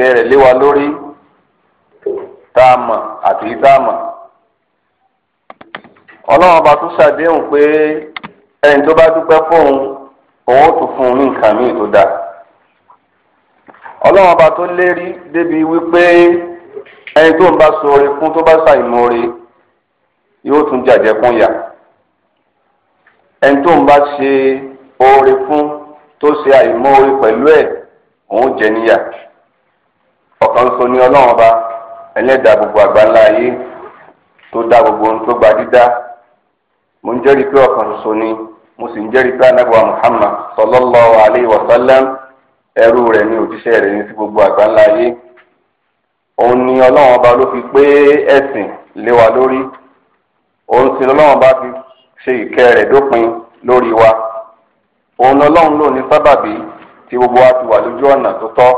ìkẹ́ rẹ̀ lé wa lórí àti tá a mọ̀ ọlọ́run ọba tún ṣàdéhùn pé ẹni tó bá dúpẹ́ fóun òun ó tún fún un ní nǹkan míì tó dáa ọlọ́run ọba tó lérí débi wípé ẹni tó ń bá fún tó bá yóò tún jàjẹ́ yà ẹni tó ń bá ṣe oore fún tó ṣe àìmoore pẹ̀lú ẹ̀ jẹ níyà. ọ̀kan ṣoṣo ní ọlọ́run ọba ẹlẹ́dàá gbogbo àgbáńlá ayé tó dá gbogbo ohun tó gba dídá mo ń jẹ́rìí pé ọ̀kan ṣoṣo ni mo sì ń jẹ́rìí pé anábọ̀ Muhammad sallallahu alayhi wa sallam ẹrú rẹ̀ ní òjíṣẹ́ rẹ̀ ní sí gbogbo àgbáńlá ayé òun ni ọlọ́run ọba ló fi pé ẹ̀sìn lé wa lórí òun sì lọ́lọ́run ọba fi ṣe ìkẹ́ rẹ̀ dópin lórí wa òun ọlọ́run ló ní sábàbí tí gbogbo wa ti wà lójú ọ̀nà tó tọ́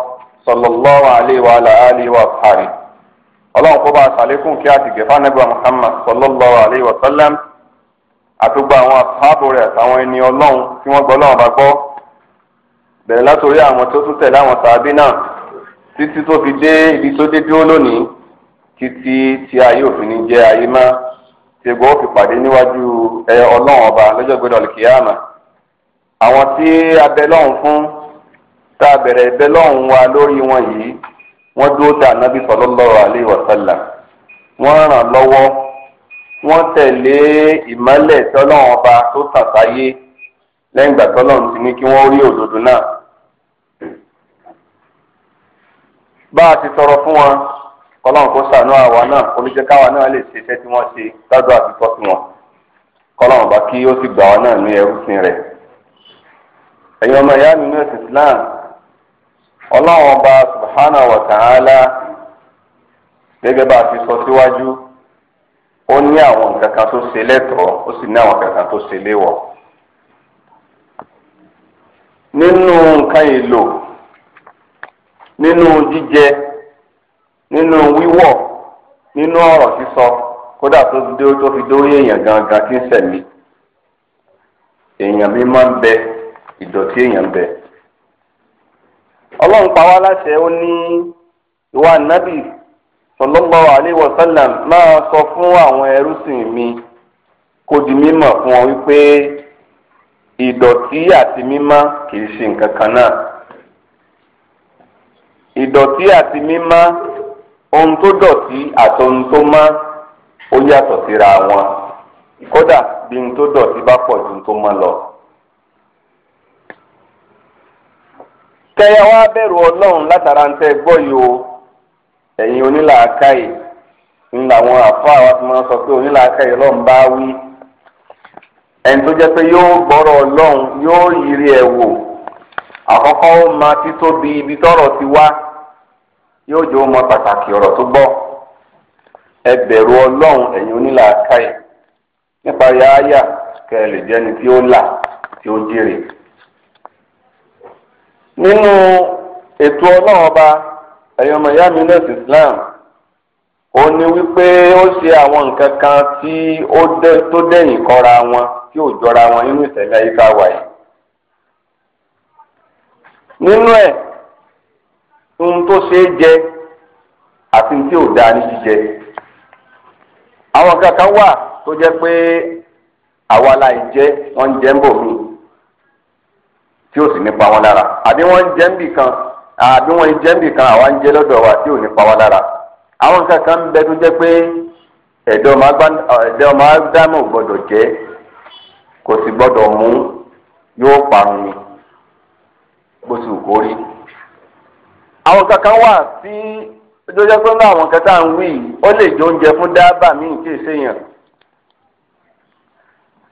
sallallahu alayhi wa alihi wa sahari ọlọ́run kó bá a sàlékún kí a ti gẹ̀fà nàgbà muhammad sallallahu alayhi wa sallam àtúgbà àwọn àtàbò rẹ̀ àtàwọn ẹni ọlọ́run tí wọ́n gbọ́ ọlọ́run bá gbọ́ bẹ̀rẹ̀ látòrí àwọn tó tún tẹ̀lé àwọn sàábí náà títí tó fi dé ibi tó dé dúró lónìí títí tí ayé òfin ní jẹ́ ayé má ṣègbọ́n ó fi pàdé níwájú ẹ ọlọ́run ọba lọ́jọ́ gbẹ́dọ̀ lè kíyàmà àwọn tí abẹ lọ́run fún ta a bẹ̀rẹ̀ ẹ̀bẹ̀ lọ́hùn wa lórí wọn yìí wọn dúró ta nábì sallallahu alaihi wasallam wọ́n ràn lọ́wọ́ wọ́n tẹ̀lé ìmọ́lẹ̀ tọ́lọ́run ọba tó tàn sáyé lẹ́yìn ìgbà tọ́lọ́run ti ní kí wọ́n rí òdodo náà. bá a ti sọrọ fún wọn kọlọ́run kó ṣàánú àwa náà olùjẹ́ káwa náà lè ṣe tí ṣe gbádùn sí wọn bá kí ó ọlọ́run ọba subhana wa ta'ala gẹ́gẹ́ bá a ti sọ síwájú ó ní àwọn nǹkan kan tó ṣe lẹ́tọ̀ọ́ ó sì ní àwọn nǹkan kan tó ṣe léwọ̀ nínú nǹkan èlò nínú jíjẹ nínú wíwọ̀ nínú ọ̀rọ̀ sísọ kódà tó dé tó fi dórí èèyàn gangan tí n sẹ̀mí èèyàn mi máa ń bẹ ìdọ̀tí èèyàn ń bẹ. ọlọ́run pa wá láṣẹ ó ní ìwà nábì sallallahu máa sọ fún àwọn ẹrúsìn mi kò di mímọ̀ fún ọ wípé ìdọ̀tí àti mímọ́ kìí ṣe nǹkan kan náà ìdọ̀tí àti mímọ́ ohun tó dọ̀tí àti ohun tó mọ́ ó yàtọ̀ síra wọn kódà bí ohun tó dọ̀tí bá ju ohun kẹ wá bẹ̀rù ọlọ́run látara ń tẹ gbọ́ yìí o ẹ̀yin onílàákàyè ń làwọn àfáà wa ti máa sọ pé onílàákàyè ọlọ́run bá wí ẹni tó jẹ́ pé yóò gbọ́rọ̀ ọlọ́run yóò yiri ẹ̀ wò àkọ́kọ́ ó máa títóbi ibi tọ́rọ̀ ti wá yóò jẹ́ ó mọ pàtàkì ọ̀rọ̀ tó gbọ́ ẹ bẹ̀rù ọlọ́run ẹ̀yin onílàákàyè nípa yááyà kẹ́ ẹ lè jẹ́ni tí ó là tí ó jèrè. nínú ètò ọlọ́run ọba ẹ̀yin Islam ó ní wípé ó ṣe àwọn nǹkan kan tí ó dé tó dẹ̀yìn kọ́ra wọn tí ò jọra wọn nínú ìṣẹ̀lẹ̀ ayíká wa yìí. nínú ẹ̀ ohun tó ṣeé jẹ àti tí ò dáa ní jíjẹ àwọn kankan wà tó jẹ́ pé àwa la ì wọ́n ń tí ó sì ní pa wọn lára àbí wọn kan àbí wọn wa tí ò ní pa wọn lára àwọn nǹkan kan bẹ tó jẹ́ pé ọmọ ádámù jẹ kò sì gbọdọ mú yóò parun ni bó sì kó rí. àwọn nǹkan kan wà tí ó àwọn nǹkan tá à ń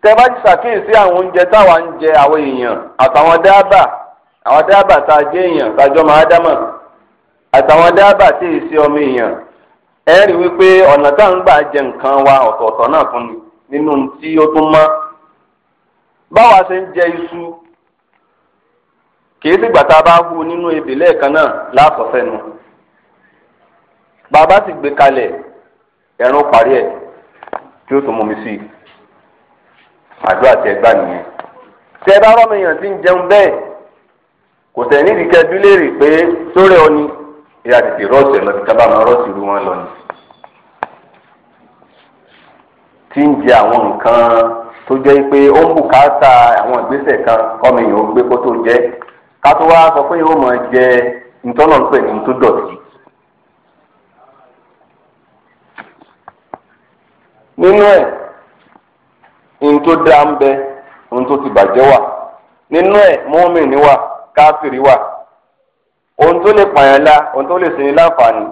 tẹ́bá ṣàkíyèsí àwọn oúnjẹ táwa ń jẹ àwọn èèyàn àtàwọn dábà àwọn dábà tá a jẹ èèyàn máa àtàwọn dábà tí ì ọmọ èèyàn ẹ rí wípé ọ̀nà tá à ń gbà jẹ nǹkan wa ọ̀tọ̀ọ̀tọ̀ náà fún ni nínú tí ó tún mọ́ báwa ṣe ń jẹ iṣu hu nínú ebè lẹ́ẹ̀kan náà bàbá sì gbé kalẹ̀ ẹ̀rùn parí ẹ̀ tí ó tún àdúrà tẹ gbà nìyẹn tẹ bá rọmọ èèyàn tí ń jẹun bẹ́ẹ̀ kò tẹ nídìí léèrè pé sórè ọ ìyá tètè rọọsì ẹ lọ sí ni tí ń jẹ àwọn nǹkan tó jẹ́ pé ó ń bùkátà àwọn ìgbésẹ̀ kan kọ́mọ èèyàn ó gbé kó tó jẹ́ sọ pé ó jẹ ní tó ohun tó dáa ń bẹ ohun tó ti bàjẹ́ wà nínú ẹ̀ mọ́mìnì wà káfìrí wà ohun tó lè pààyàn la ohun tó lè sinmi láǹfààní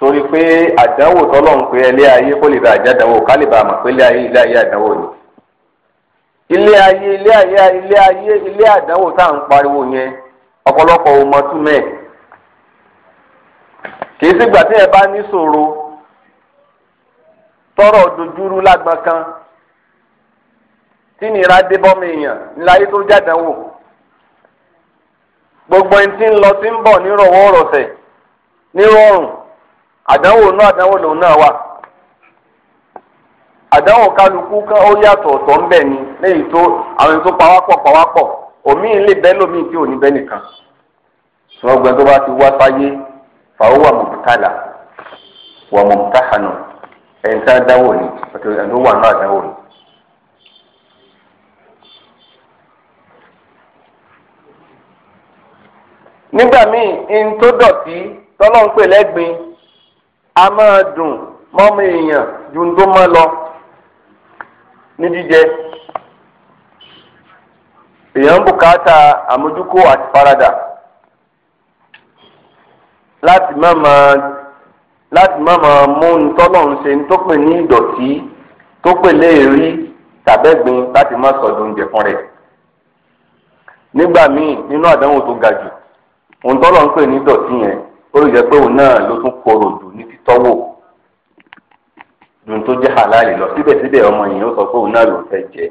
torí pé àdánwò tọ́lọ́run pé ẹlẹ́ ayé kó lè bá àjàdánwò ká lè bá àmọ̀ pé ilé ayé ilé ayé àdánwò ni ilé ayé ilé ayé ilé ayé ilé àdánwò tá à ń pariwo yẹn ọ̀pọ̀lọpọ̀ ò túmẹ̀ kì í sígbà tí ẹ bá ní ṣòro tọrọ dojúrú lágbọn kan tí nira dé bọ́mọ èèyàn ńlá yìí tó jáde wò gbogbo ẹni tí ń lọ tí ń bọ̀ nírọ̀wọ́ rọ̀sẹ̀ nírọ̀rùn àdánwò náà àdánwò lòun náà wà àdánwò kálukú kan ó yàtọ̀ ọ̀tọ̀ ńbẹ̀ ni lẹ́yìn tó àwọn ẹni tó pawápọ̀ pawápọ̀ òmíì lè bẹ́ lómìn tí ò ní bẹ́ nìkan ṣùgbọ́n gbẹ́n tó bá ti wá sáyé fàáwó wà mọ̀mùtálà wà mọ̀mùtáhànù ẹ̀ńtá dánwò ni ẹ̀ńtó wà náà ni. nígbà míì n tó dọ̀tí tọ́lọ́ ń pè lẹ́gbin a máa dùn mọ́mọ èèyàn ju n tó mọ́ lọ ní jíjẹ èèyàn ń bùkátà àmójúkó àti faradà láti má máa láti má máa mú ntọ́lọ̀ ń ṣe tó pè ní ìdọ̀tí tó pè léèrí tàbẹ́gbin láti má sọ̀dọ̀ oúnjẹ rẹ̀ nígbà míì nínú àdánwò tó ga jù ohun tọ́lọ̀ ń pè ní dọ̀tí yẹn ó lè jẹ́ pé òun náà ló tún korò dù ní títọ́wò tó jẹ́ lọ síbẹ̀síbẹ̀ ọmọ yìí ó sọ pé òun náà ló fẹ́ jẹ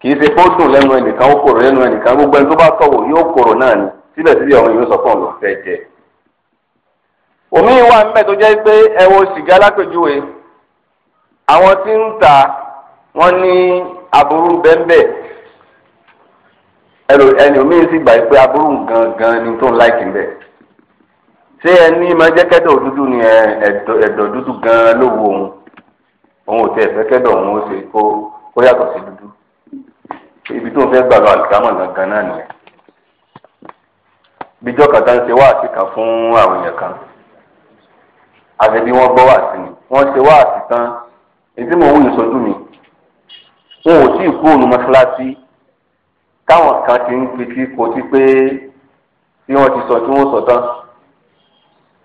kì í ṣe kó lẹ́nu ẹnìkan ó gbogbo ẹni tó bá tọ́wò yóò korò náà ni síbẹ̀síbẹ̀ ọmọ ó sọ pé òun ló omi wà ń bẹ̀ tó jẹ́ pé sìgá lápèjúwe àwọn tí ń ta ẹlò ẹni omiyin sì gbà pé aburú gangan ni tó ń láìkì bẹ ṣé ẹni máa jẹ kẹdọ dúdú ni ẹ̀dọ̀ dúdú gan ló wu òun òun ò tẹ ẹfẹ kẹdọ òun ó ṣe kó kó yàtọ̀ sí dúdú ibi tó ń fẹ́ gbà lọ àlùkámọ gangan náà nìyẹn bíjọ kàtà ń ṣe wáàsí kan fún àwọn èèyàn kan àti bí wọ́n gbọ́ wáàsí ni wọ́n ṣe wáàsí tán ètí mò ń wù ìṣojú mi wọn ò tí ì kú òun mọ́ṣáláṣí táwọn kan ti ń fití kotí pé bí wọ́n ti sọ tí wọ́n sọ tán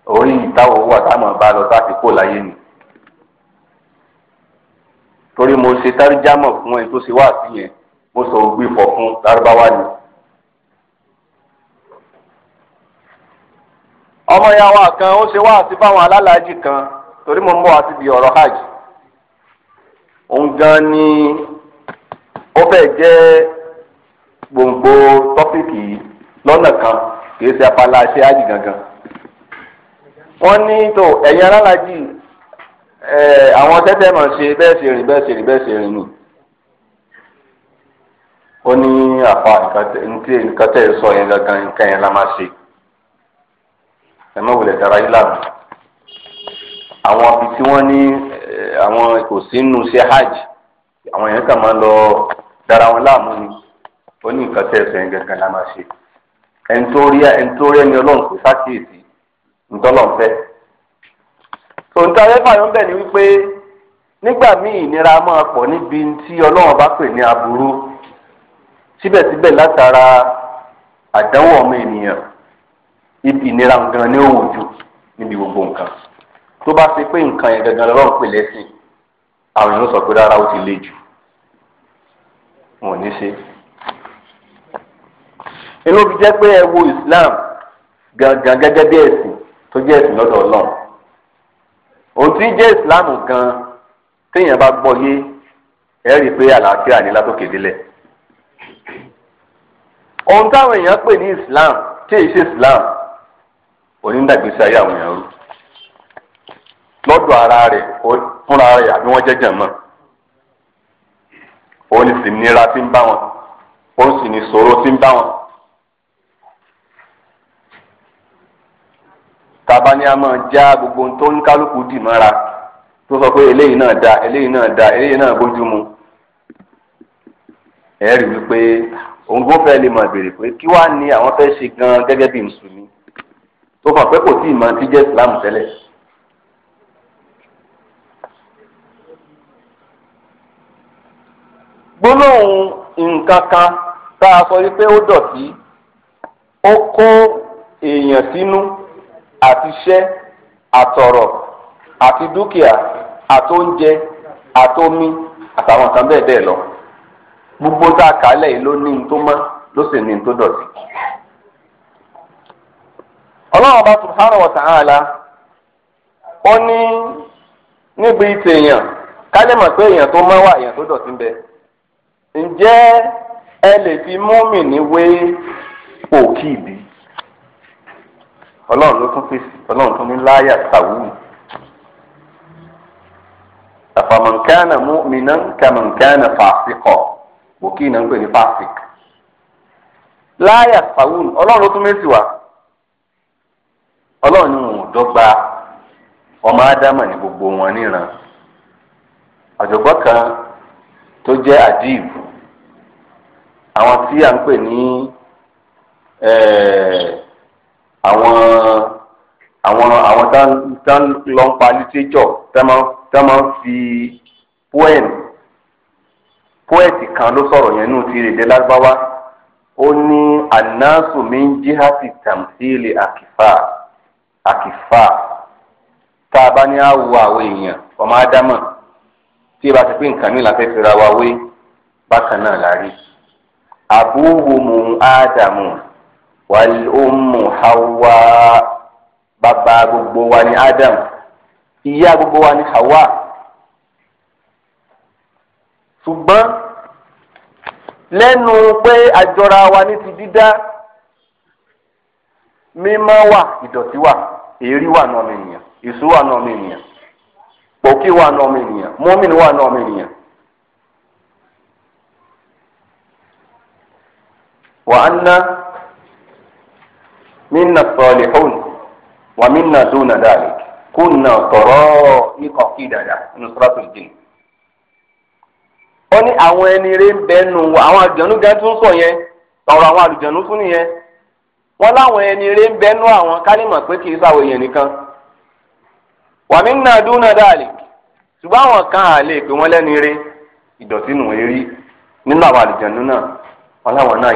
orí ìtawọ̀ wà táwọn bá lọ tá a ti kó láyé nì. torí mo ṣe táríjámọ̀ fún ẹ tó ṣe wá sí yẹn mo sọ ògbé ìfọ̀ fún lárúbáwá ni. ọmọ ìyá wa kan ó ṣe wá sí fáwọn alálàájì kan torí mo ń bọ̀ wá síbi hajj òun gan ni ó fẹ́ jẹ́ kìí ṣe apala ṣe ájì gangan wọ́n ní tó ẹ̀yin alálàájì àwọn tẹ́tẹ́ mọ̀ ṣe bẹ́ẹ̀ ṣe rìn bẹ́ẹ̀ ṣe rìn bẹ́ẹ̀ ṣe rìn nù ó ní àfa nǹkan tẹ́ ẹ sọ yẹn gangan nǹkan yẹn la máa ṣe ẹ má wulẹ̀ dára yìí lànà àwọn ibi tí wọ́n ní àwọn kò sí nù ṣe hajj àwọn yẹn kàn máa lọ dára wọn láàmú ni ó ní nǹkan tẹ́ ẹ sọ yẹn gangan la máa ṣe ẹnitórí ẹnitórí ẹni ọlọ́run kò sákìyèsí ntọ́lọ́nfẹ́. tòǹtà ayẹ́fàyọ́ ń bẹ̀ ni wípé nígbà míì ìnira máa pọ̀ níbi tí ọlọ́run bá pè ní aburú síbẹ̀síbẹ̀ látara àdánwò ọmọ ènìyàn ìnira gan ni ó wò jù níbi gbogbo nǹkan tó bá ṣe pé nǹkan yẹn gangan lọ́rùn pè lẹ́sìn àwọn èèyàn sọ pé rárá ó ti le jù wọn ò ní ṣe inú fi jẹ́ pé ẹ wo Islam gangan gẹ́gẹ́ bí ẹ̀sìn tó jẹ́ ẹ̀sìn lọ́dọ̀ Ọlọ́run òun tí jẹ́ Islam gan téèyàn bá gbọ́ yé ẹ rí i pé àlàáfíà ní látòkè délẹ̀ ohun táwọn èèyàn pè ní Islam tí èyí ṣe Islam onídàgbèsè ayé àwọn èèyàn rú lọ́dọ̀ ara rẹ̀ fúnra rẹ̀ àbí wọ́n jẹ́jẹ̀ mọ́ òun sì nira tí ń bá wọn òun sì ní ṣòro tí ń bá wọn tàbá ní a máa já gbogbo tó ń kálukú dì mọ́ra tó sọ pé eléyìí náà da eléyìí náà da eléyìí náà bójú mu ẹ rí wípé òun gbọ́n fẹ́ lè máa béèrè pé kí wàá ní àwọn fẹ́ ṣe gan gẹ́gẹ́ bí mùsùlùmí tó fà pé kò tí ì máa ti jẹ́ ìsìlámù tẹ́lẹ̀. gbólóhùn nǹkan kan tá a sọ wípé ó dọ̀tí ó kó èèyàn sínú. àti iṣẹ́ àtọ̀rọ̀ àti dúkìá a àtómi àtàwọn kan bẹ́ẹ̀ bẹ́ẹ̀ lọ gbogbo tá a kálẹ̀ yìí ló ní ní mọ́ ló sì ní ní dọ̀tí. ọlọ́run ọba subhanahu wa ta'ala ó ní níbi tèèyàn mọ̀ pé èèyàn tó mọ́ wà èèyàn tó dọ̀tí ń ǹjẹ́ ẹ lè fi ọlọ́run ló tún fi ọlọ́run tún ní láyà tàwùú. àfàmọ̀nkánà múmìnà kàmọ̀nkánà fàásìkọ̀ wòkì náà ń pè ní fàásìk. láyà tàwùú ọlọ́run ló tún méjì wá ọlọ́run ni wọn ò ọmọ ádámà ní gbogbo wọn níran kan tó jẹ́ àwọn tí ń àwọn àwọn àwọn tá ń lọ ń pa lítírẹ́jọ̀ tá máa ń fi poem poet kan ló sọ̀rọ̀ yẹn nù ti rèdè lárúbáwá ó ní anásù mi ń jí hàtì tàmsílì àkìfà àkìfà tá a bá ní á wo àwọn èèyàn ọmọ ádámọ̀ tí ìbá ti pé nǹkan mi làfẹ́ fira wa wé bákan náà la rí àbúwò mò ń wàlúùmù hawa bàbá gbogbo wa ni adam ìyá gbogbo wa ni hawa ṣùgbọ́n lẹ́nu pé àjọra wa ní ti dídá mímọ́ wà ìdọ̀tí wà èrí wà nọ́ọ̀mì ènìyàn ìṣú wà nọ́ọ̀mì ènìyàn pòkí wà nọ́ọ̀mì ènìyàn mọ́mìn wà nọ́ọ̀mì ènìyàn. wà ná. minna salihun wa minna duna dhalik kunna tara'iqa qidada nínú ó ní àwọn ẹni rẹ̀ ń bẹnu àwọn àlùjànnú gan tún sọ yẹn ọ̀rọ̀ àwọn àlùjànnú tún nìyẹn wọn láwọn ẹni rẹ̀ ń bẹnu àwọn kálímà pé kì í sáwọ èèyàn nìkan wa minna duna dhalik ṣùgbọ́n àwọn kan à lè pè wọ́n ìdọ̀tí nù nínú àwọn náà láwọn náà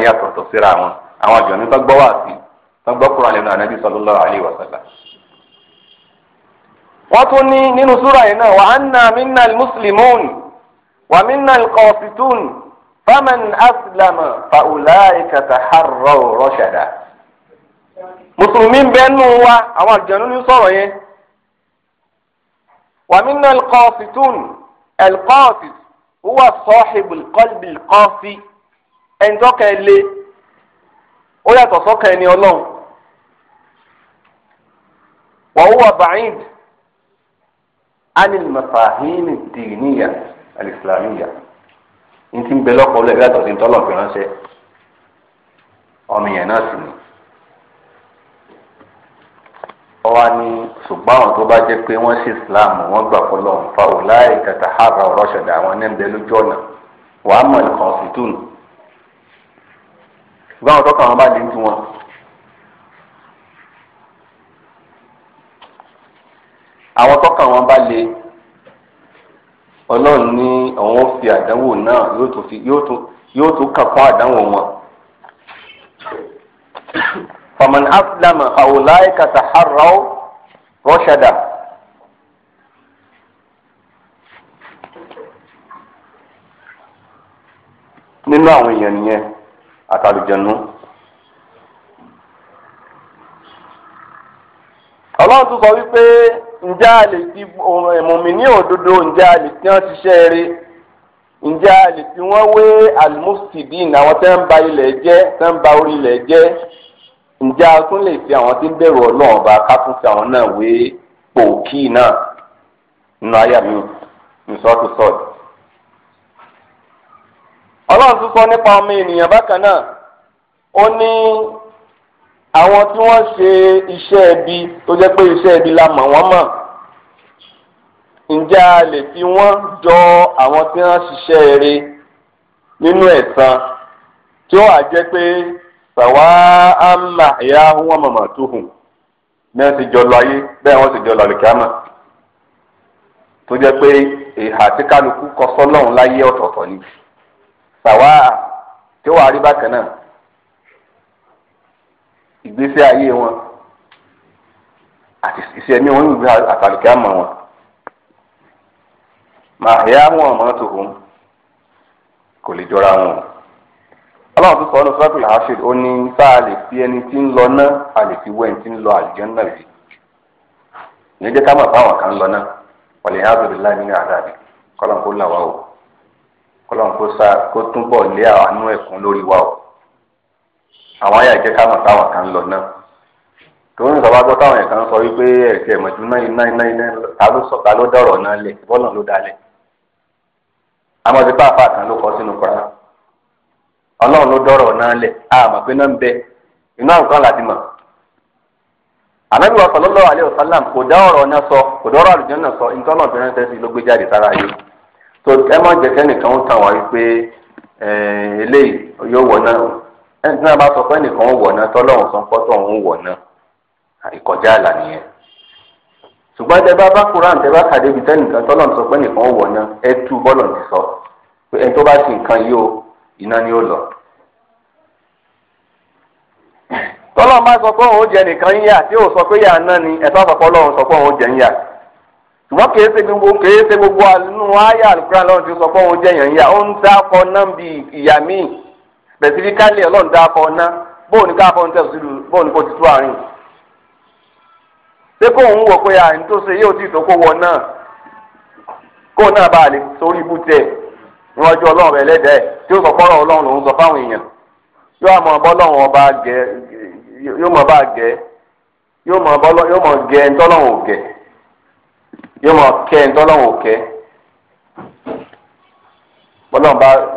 síra wọn àwọn tó wọ́n gbọ́ kúrò àlẹ́ náà nàbí sallallahu alaihi wasallam. wọ́n tún ní nínú súra yìí náà wa anna minna al-muslimun wa minna al-qasitun faman aslama fa ulaika taharraw rashada. mùsùlùmí bẹ́ẹ̀ nù wa àwọn àjọyọ̀ ní sọ̀rọ̀ yẹn ومنا القاسطون القاسط هو صاحب القلب القاسي ان تقل ó yàtọ̀ sọ́kàn ẹni ọlọ́run wa huwa ba'id anil mafahimi diniya alislamiya n ti bẹ lọ́pọ̀lọ́ ẹ̀rọ àtọ̀sí tọ́lọ̀ fi ránṣẹ́ ọmọ yẹn náà sì ni ọwa ni ṣùgbọ́n àwọn tó bá jẹ́ pé wọ́n ṣe islam wọ́n gbà fọlọ́ fa òláì tàtàhárà ọ̀rọ̀ ṣẹ̀dá àwọn ẹni ń bẹ lójú ọ̀nà wàá mọ̀ ẹ̀kọ́ sí ṣùgbọ́n àwọn tọ́ka wọn bá lè ń tu wọn. àwọn tọ́ka wọn bá lè ọlọ́run ní àwọn fi àdánwò náà yóò tún kàn fún àdánwò wọn. faman aslama awolaika taharraw rọ́ṣadà. nínú àwọn èèyàn nìyẹn àtàlùjẹ̀nu. ọlọ́run tún sọ wípé ǹjẹ́ a lè ti mùmíní òdodo ǹjẹ́ a lè ti hàn ṣiṣẹ́ eré ǹjẹ́ a lè fi wọ́n wé almustidin àwọn tẹ́ ń ba ilẹ̀ jẹ́ tẹ́ ń ba orí ilẹ̀ jẹ́ ǹjẹ́ a tún lè fi àwọn tí ń bẹ̀rù ọlọ́run ọba ká fi àwọn náà wé pòkì náà nínú àyà mi nìṣọ́ tó sọ̀rọ̀ ọlọ́run tún sọ nípa ọmọ ènìyàn bákan náà ó ní àwọn tí wọ́n ṣe iṣẹ́ ẹbí tó jẹ́ pé iṣẹ́ ẹbí la mọ̀ wọ́n mọ̀ ǹjẹ́ a lè fi wọ́n jọ àwọn tí wọ́n ṣiṣẹ́ eré nínú ẹ̀san tí ó wà jẹ́ pé sàwa àmà ìyá wọn mọ̀mọ́ tó hùn ní wọ́n ti jọ lọ ayé bẹ́ẹ̀ wọ́n ti jọ lọ àlùkìyámà tó jẹ́ pé ìhà tí kálukú kọ sọ́lọ́run láyé ọ̀tọ̀ọ̀tọ̀ ni sàwáà tí ó wà rí bákan náà ìgbésí ayé wọn àti ìṣẹ̀mí wọn yóò gbé àtàlùkí àmọ́ wọn màáyá wọn ọmọ tó hùn kò lè jọra wọn ọlọ́run tó sọ ọ́ ní sọ́kùlù ó ní tá a lè fi ẹni tí ń lọ náà a lè fi wẹ́ ẹni tí ń lọ àlùjànnà rí ìyẹn jẹ́ ká mọ̀ fáwọn kan lọ náà wọ́n lè yá àbẹ̀rẹ̀ láì nínú àdáàbí kọ́lọ́n kó là wá o. kọlọ́n kó sá kó túbọ̀ lé àánú ẹ̀kún lórí wa o àwọn ayé àjẹ ká mọ̀ táwọn kan lọ náà tòun ìgbà bá gbọ́ táwọn yẹn kan sọ wípé ẹ̀sẹ̀ mọ̀jú ta ló sọ ta ló dọ̀rọ̀ náà lẹ̀ bọ́ọ̀nà ló dalẹ̀ amọ̀sí pàápàá kan ló kọ sínú ọlọ́run ló dọ̀rọ̀ náà lẹ̀ pé náà ń bẹ iná nǹkan láti mọ̀ wa kò dá ọ̀rọ̀ náà sọ kò dọ̀rọ̀ àlùjọ náà sọ tó ẹ má jẹ́ kẹ́nìkan ń tàn wá wípé eléyìí yóò wọ̀ náà ẹni tí wọ́n bá sọ pé ẹnìkan ń wọ̀ náà tọ́lọ́run sọ pé tọ́hún ń wọ̀ náà ìkọjá àlà nìyẹn ṣùgbọ́n tẹ bá bá Kùránì tẹ bá kàdé ibi tẹ́nìkan tọ́lọ́run sọ pé ẹnìkan ń wọ̀ náà ẹ tú bọ́ọ̀lù ti sọ pé ẹni tó bá ti nǹkan yìí o iná ni ó lọ tọ́lọ́run bá sọ pé òun jẹ nìkan yíyà tí ò sọ pé yà náà ni ẹ̀ tó àpapọ̀ ọlọ́run sọ pé òun jẹ yíyà ṣùgbọ́n kìí ṣe gbogbo kìí ṣe gbogbo àánú àyà àlùkùrán lọ́run ti sọ pé òun jẹyàn ìyá ó ń dákọ̀ náà bí ìyá míì specifically ọlọ́run dákọ̀ náà bóun ní káfọ́ ń tẹ̀sílù bóun ní kò ti tú àárín. ṣé kó òun wọ̀ pé àyìn tó ṣe yóò ti tó kó wọ náà kó náà bá a lè sórí ibú tẹ̀ níwájú ọlọ́run rẹ̀ lẹ́dẹ̀ẹ́ tí ó sọ fọ́rọ̀ ọlọ́run lòún sọ fáwọn èèyàn yóò mọ̀ bọ́lọ́run ọba gẹ̀ yóò mọ kẹ́ ẹ̀ tọ́lọ́wọ́ kẹ́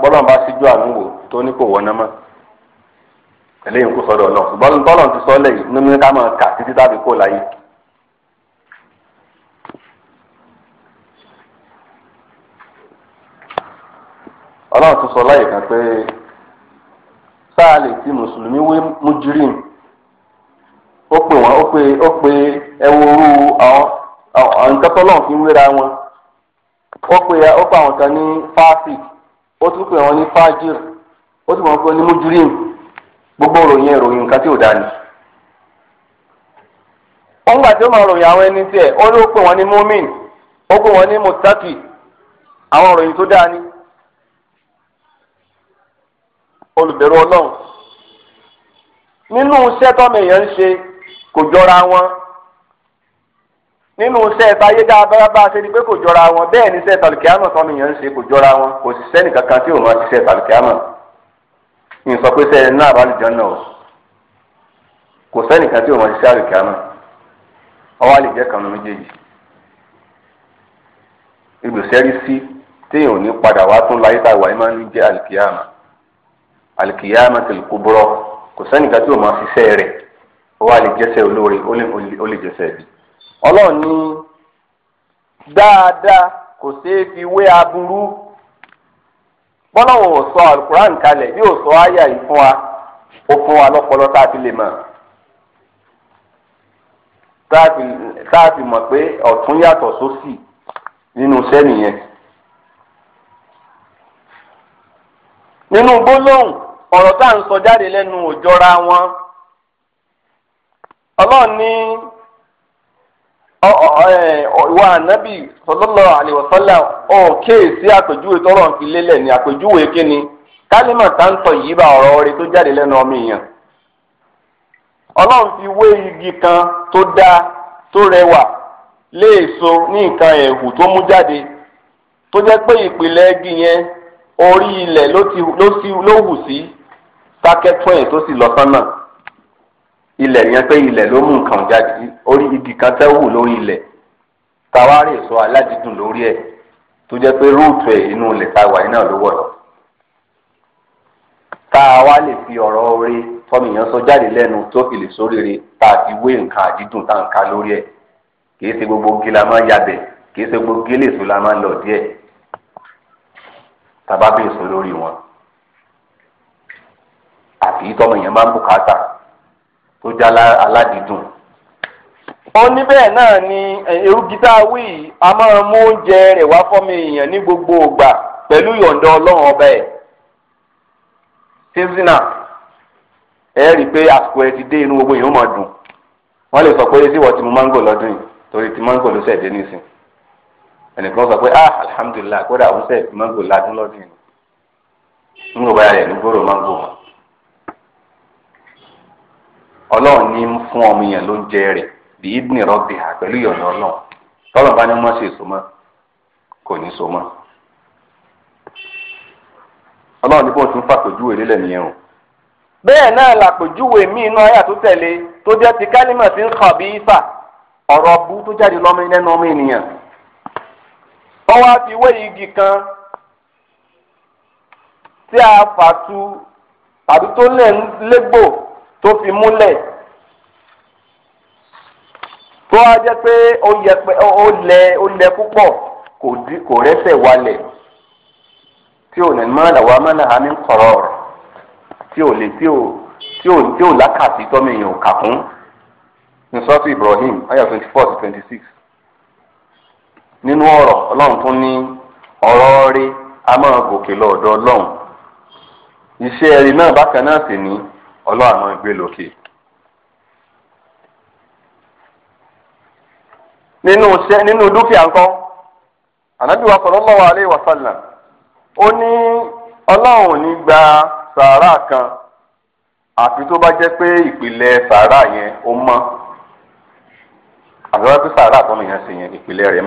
bọ́lọ́mbà síjú àánú wò tó ní kò wọ́n mọ́ eléyìí kò sọ́dọ̀ náà ṣùgbọ́n ti sọ́lẹ̀ yìí nínú ká máa kà títí tàbí kò láyé. ọlọ́run tún sọ kan pé sáà lè ti mùsùlùmí wé mújírìm nǹkan tọ́lọ́run fi wéra wọn ó pe ó pa àwọn kan ní ó tún pè wọn ní fájìr ó tún gbogbo nǹkan tí ò ni. wọ́n gbà tí ó máa ròyìn àwọn ẹni ó ló pè wọ́n ní ó pè wọ́n ní mùtákì àwọn tó ni. olùbẹ̀rù ọlọ́run nínú nínú iṣẹ́ táyé dáadáa bá a ṣe ni pé kò jọra wọn bẹ́ẹ̀ ni iṣẹ́ tàlùkìámọ̀ tọ́nu yẹn ń ṣe kò jọra wọn kò sì sẹ́ni kankan tí òun á ti ṣe tàlùkìámọ̀ ní sọ pé sẹ́ni náà bá lè jẹun náà kò sẹ́ni kan tí òun á ti ṣe tàlùkìámọ̀ ọwọ́ àlè jẹ́ kanu méjèèjì ìgbésẹ́rí sí téèyàn ò ní padà wá tún láyé tá a wà máa ń jẹ́ àlùkìámọ̀ àlùkìámọ̀ tẹ̀lé kúbúrọ̀ kò sẹ́ni kan tí ọlọ́run ní dáadáa kò ṣeé fi wé aburú bọ́lọ́wọ́ ò sọ alukuran kalẹ̀ bí ó sọ àyà yìí fún wa ó fún wa lọ́pọlọ tá a fi lè mọ̀ tá a fi mọ̀ pé ọ̀tún yàtọ̀ sósì nínú iṣẹ́ nìyẹn. nínú gbólóhùn ọ̀rọ̀ tá à ń sọ jáde lẹ́nu òjọra wọn wa ànábì sallallahu alaihi wasallam o kéèsì si apejuwe ń fi lélẹ̀ ni apejuwe kini kálímà tá ń tọ yìí bá ọ̀rọ̀ orí tó jáde lẹ́nu ọmọ èèyàn ọlọ́run fi wé igi kan tó tó rẹwà léèso ní nǹkan ẹ̀hù tó mú jáde tó jẹ pé ìpìlẹ̀ igi yẹn orí ló hù sí tó sì lọ ilẹ̀ yẹn pé ilẹ̀ ló mú nǹkan jáde orí igi kan tẹ́ wù lórí ilẹ̀ tawárì èso aládìdùn lórí ẹ̀ tó jẹ́ pé rúùtù ẹ̀ inú ilẹ̀ tá a wà iná ló wọ̀ lọ. tá a wá lè fi ọ̀rọ̀ orí tọ́mìyàn sọ jáde lẹ́nu tó fi lè sóríire tá a ti wé nǹkan àdídùn tá a ń ka lórí ẹ̀ kì í ṣe gbogbo gí la máa ń yabẹ̀ kì í ṣe gbogbo igi lèso la máa ń lọ díẹ̀ tàbá bèèso lórí wọn àfi tọ́mìyàn máa ń bùkátà tó jẹ́ aládìídùn. ó ní náà ni irú a máa mú oúnjẹ rẹ wá fọ́mi èèyàn ní gbogbo ògbà pẹ̀lú ìyọ̀ǹda ọlọ́run ọba ẹ̀ tíńsínà ẹ rí i pé àsìkò ẹ ti dé inú gbogbo èèyàn máa dùn wọ́n lè sọ pé sí wọ́n mango yìí torí mango ló dé nísìn sọ pé ah, ọlọ́run ní fún ọmọ yẹn ló ń jẹ rẹ̀ bí ibùn ìrọ́bì hà pẹ̀lú ìyọ̀nà ọlọ́run tọ́lọ̀ bá ní wọ́n ṣe so mọ́ kò ní so mọ́. ọlọ́run ní bó ti ń fàpèjúwe lélẹ̀ nìyẹn o. bẹ́ẹ̀ náà làpèjúwe mí inú ayé àtúntẹ̀lé tó jẹ́ ti kálímà ti ń kàn bí ifá ọ̀rọ̀ bú tó jáde lọ́mọ lẹ́nu ọmọ ènìyàn. wọ́n wá ti wé igi kan tí a fà tu tàbí tó tó fi múlẹ̀ tó a jẹ́ pé ó yẹpẹ ó lẹ ó lẹ púpọ̀ kò di kò rẹ́sẹ̀ walẹ̀ tí ò ní máa làwọn amáná àmì ń kọ̀rọ̀ ọ̀rọ̀ tí ò lè tí ò tí ò tí ò lákàtí tọ́mọ èèyàn kà fún nusratu Ibrahim ayah twenty four to twenty six nínú ọ̀rọ̀ ọlọ́run tún ní ọ̀rọ̀ rí a máa gòkè lọ́dọ̀ ọlọ́run iṣẹ́ ẹ̀rí náà bákan náà sì ní. ọlọ́run máa ń gbé lókè. nínú iṣẹ́ nínú dúkìá ńkọ́ ànábì wa sallallahu alaihi wa sallam ó ní ọlọ́run ní gba sàárà kan àfi tó bá jẹ́ pé ìpìlẹ̀ sàárà yẹn ó mọ́ àbí wọ́n pé sàárà tó nìyẹn sì yẹn ìpìlẹ̀ rẹ̀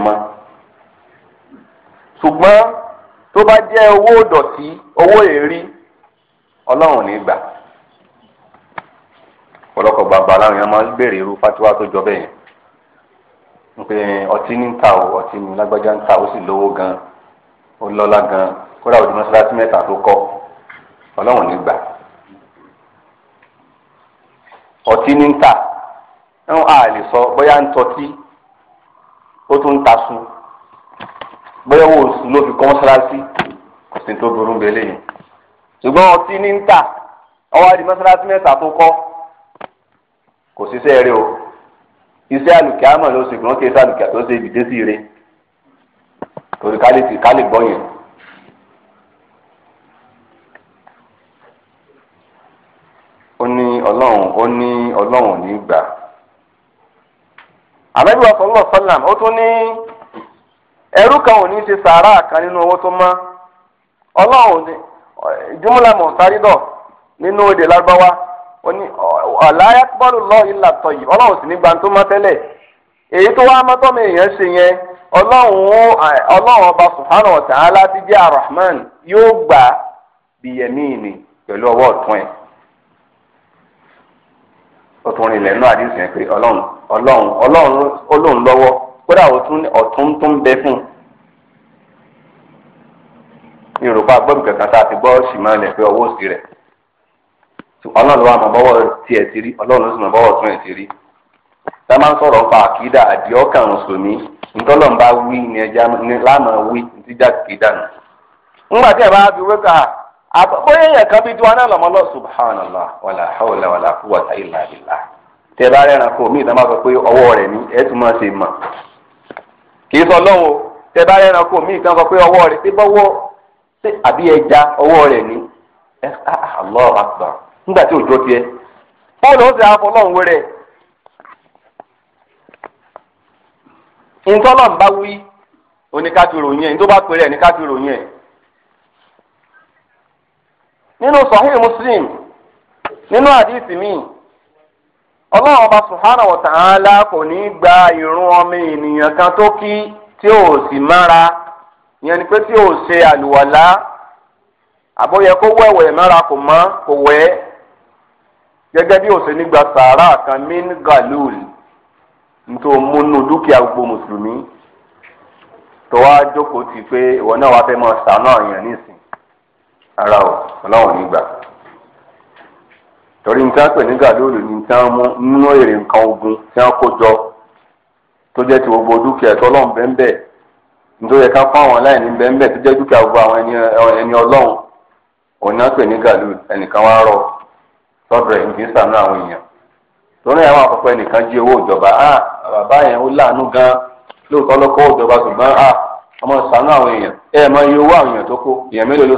sugbon to tó bá jẹ́ owó dọ̀tí owó èrí ọlọ́run ní gbà. ọ̀pọ̀lọpọ̀ gbàgbà láwọn èèyàn máa ń béèrè irú fatiwa tó jọ bẹ́ẹ̀ ń pe ọtí ní ta o ọtí ní lágbájá ń ta ó sì lówó gan ó lọ́lá gan kódà òdi mọ́sálásí mẹ́ta tó kọ́ ọlọ́run ní gbà ọtí ní ta ẹ̀hún a lè sọ bóyá ń tọ́tí ó tún ń ta sun bóyá owó oṣù ló fi kọ́ mọ́sálásí kò sí tó burú bẹ́ẹ̀ lẹ́yìn ṣùgbọ́n ọtí ní ta ọwọ́ àdìmọ́sálásí mẹ́ta tó kọ́. kò síṣẹ́ rẹ o iṣẹ́ àlùkìámọ̀ ló ṣùgbọ́n kí iṣẹ́ àlùkìá tó ṣe ìdíje sí rẹ torí ká lè ti ká lè gbọ́ yẹn. ó ní ọlọ́run ó ní ọlọ́run ní gbà. àmẹ́bí wa sọ́lọ́ sọ́làm ó tún ní ẹrú kan ò ní ṣe sàárà kan nínú owó tó mọ́ ọlọ́run jùmọ̀lá mọ̀sárídọ̀ nínú èdè ó ní ọ̀láyàkúbọ̀lù lọ ilà tọ̀yì ọlọ́run sì ní gbàǹtó tẹ́lẹ̀ èyí tó èèyàn ṣe yẹn ọlọ́run ọba subhanahu ọtọ ta'ala jẹ́ arahman yóò gbà bìyẹ̀míìnì pẹ̀lú ọwọ́ ọ̀tún ẹ̀ ọ̀tún ilẹ̀ náà àdìsí yẹn pé ọlọ́run ọlọ́run ọlọ́run olóhùn lọ́wọ́ kódà bẹ fún yorùbá ọlọ́run wa tiẹ̀ ti rí ọlọ́run sì mọ̀ tún ẹ̀ ti rí tá a máa ń sọ̀rọ̀ pa àkídà àdìọ́kàn mùsùlùmí ntọ́lọ̀ ń bá wí ni ẹja lánà wí ti já àkídà nù. ńgbà tí ẹ bá fi wéka bóyá èèyàn kan bí tiwọn náà wàlà wàlà tẹ bá mi sọ pé ni ẹ tún máa ṣe kì í sọ lọ́wọ́ tẹ bá sọ pé bọ́wọ́ nígbà tí òjò tiẹ̀ bọ́ọ̀lù afọ sì afọlọ́run wéré ntọ́lọ́n bá wí oníkàtúrò yẹn ní tó bá pèrè oníkàtúrò yẹn nínú Sahih Muslim nínú àdìsí míì ọlọ́run ọba subhanahu wa kò ní gba ìrun ọmọ ènìyàn kan tó kí tí ó sì mára yẹn ni pé tí ò ṣe àlùwàlá àbóyẹ kó wẹ̀wẹ̀ mára kò mọ́ kò wẹ̀ gẹ́gẹ́ bí òsè nígbà sàárà kan min galul nítorí múnú dúkìá gbogbo mùsùlùmí tó wá jókòó ti pé ìwọ náà wàá fẹ́ mọ sàánà èèyàn nísìn ara ò ọlọ́run nígbà torí nǹkan pè ní galul ní nǹkan mú nínú èrè nǹkan ogun tí wọ́n kó jọ tó jẹ́ ti gbogbo dúkìá tọ́lọ́run bẹ́ẹ̀ bẹ́ẹ̀ nítorí ẹ̀ka fáwọn aláìní bẹ́ẹ̀ bẹ́ẹ̀ tó jẹ́ dúkìá gbogbo àwọn ẹni ọlọ́run òun náà pè ní galul ẹnìkan wá rọ̀ sọdọ ẹ̀ ń kì í sànú àwọn èèyàn torí àwọn àkọ́kọ́ ẹnìkan jí owó ìjọba a ah, bàbá yẹn ó láàánú gan lóòótọ́ ìjọba ṣùgbọ́n ah, a ọmọ sànú àwọn èèyàn ẹ ẹ̀ mọ iye owó àwọn èèyàn tó kó èèyàn mélòó ló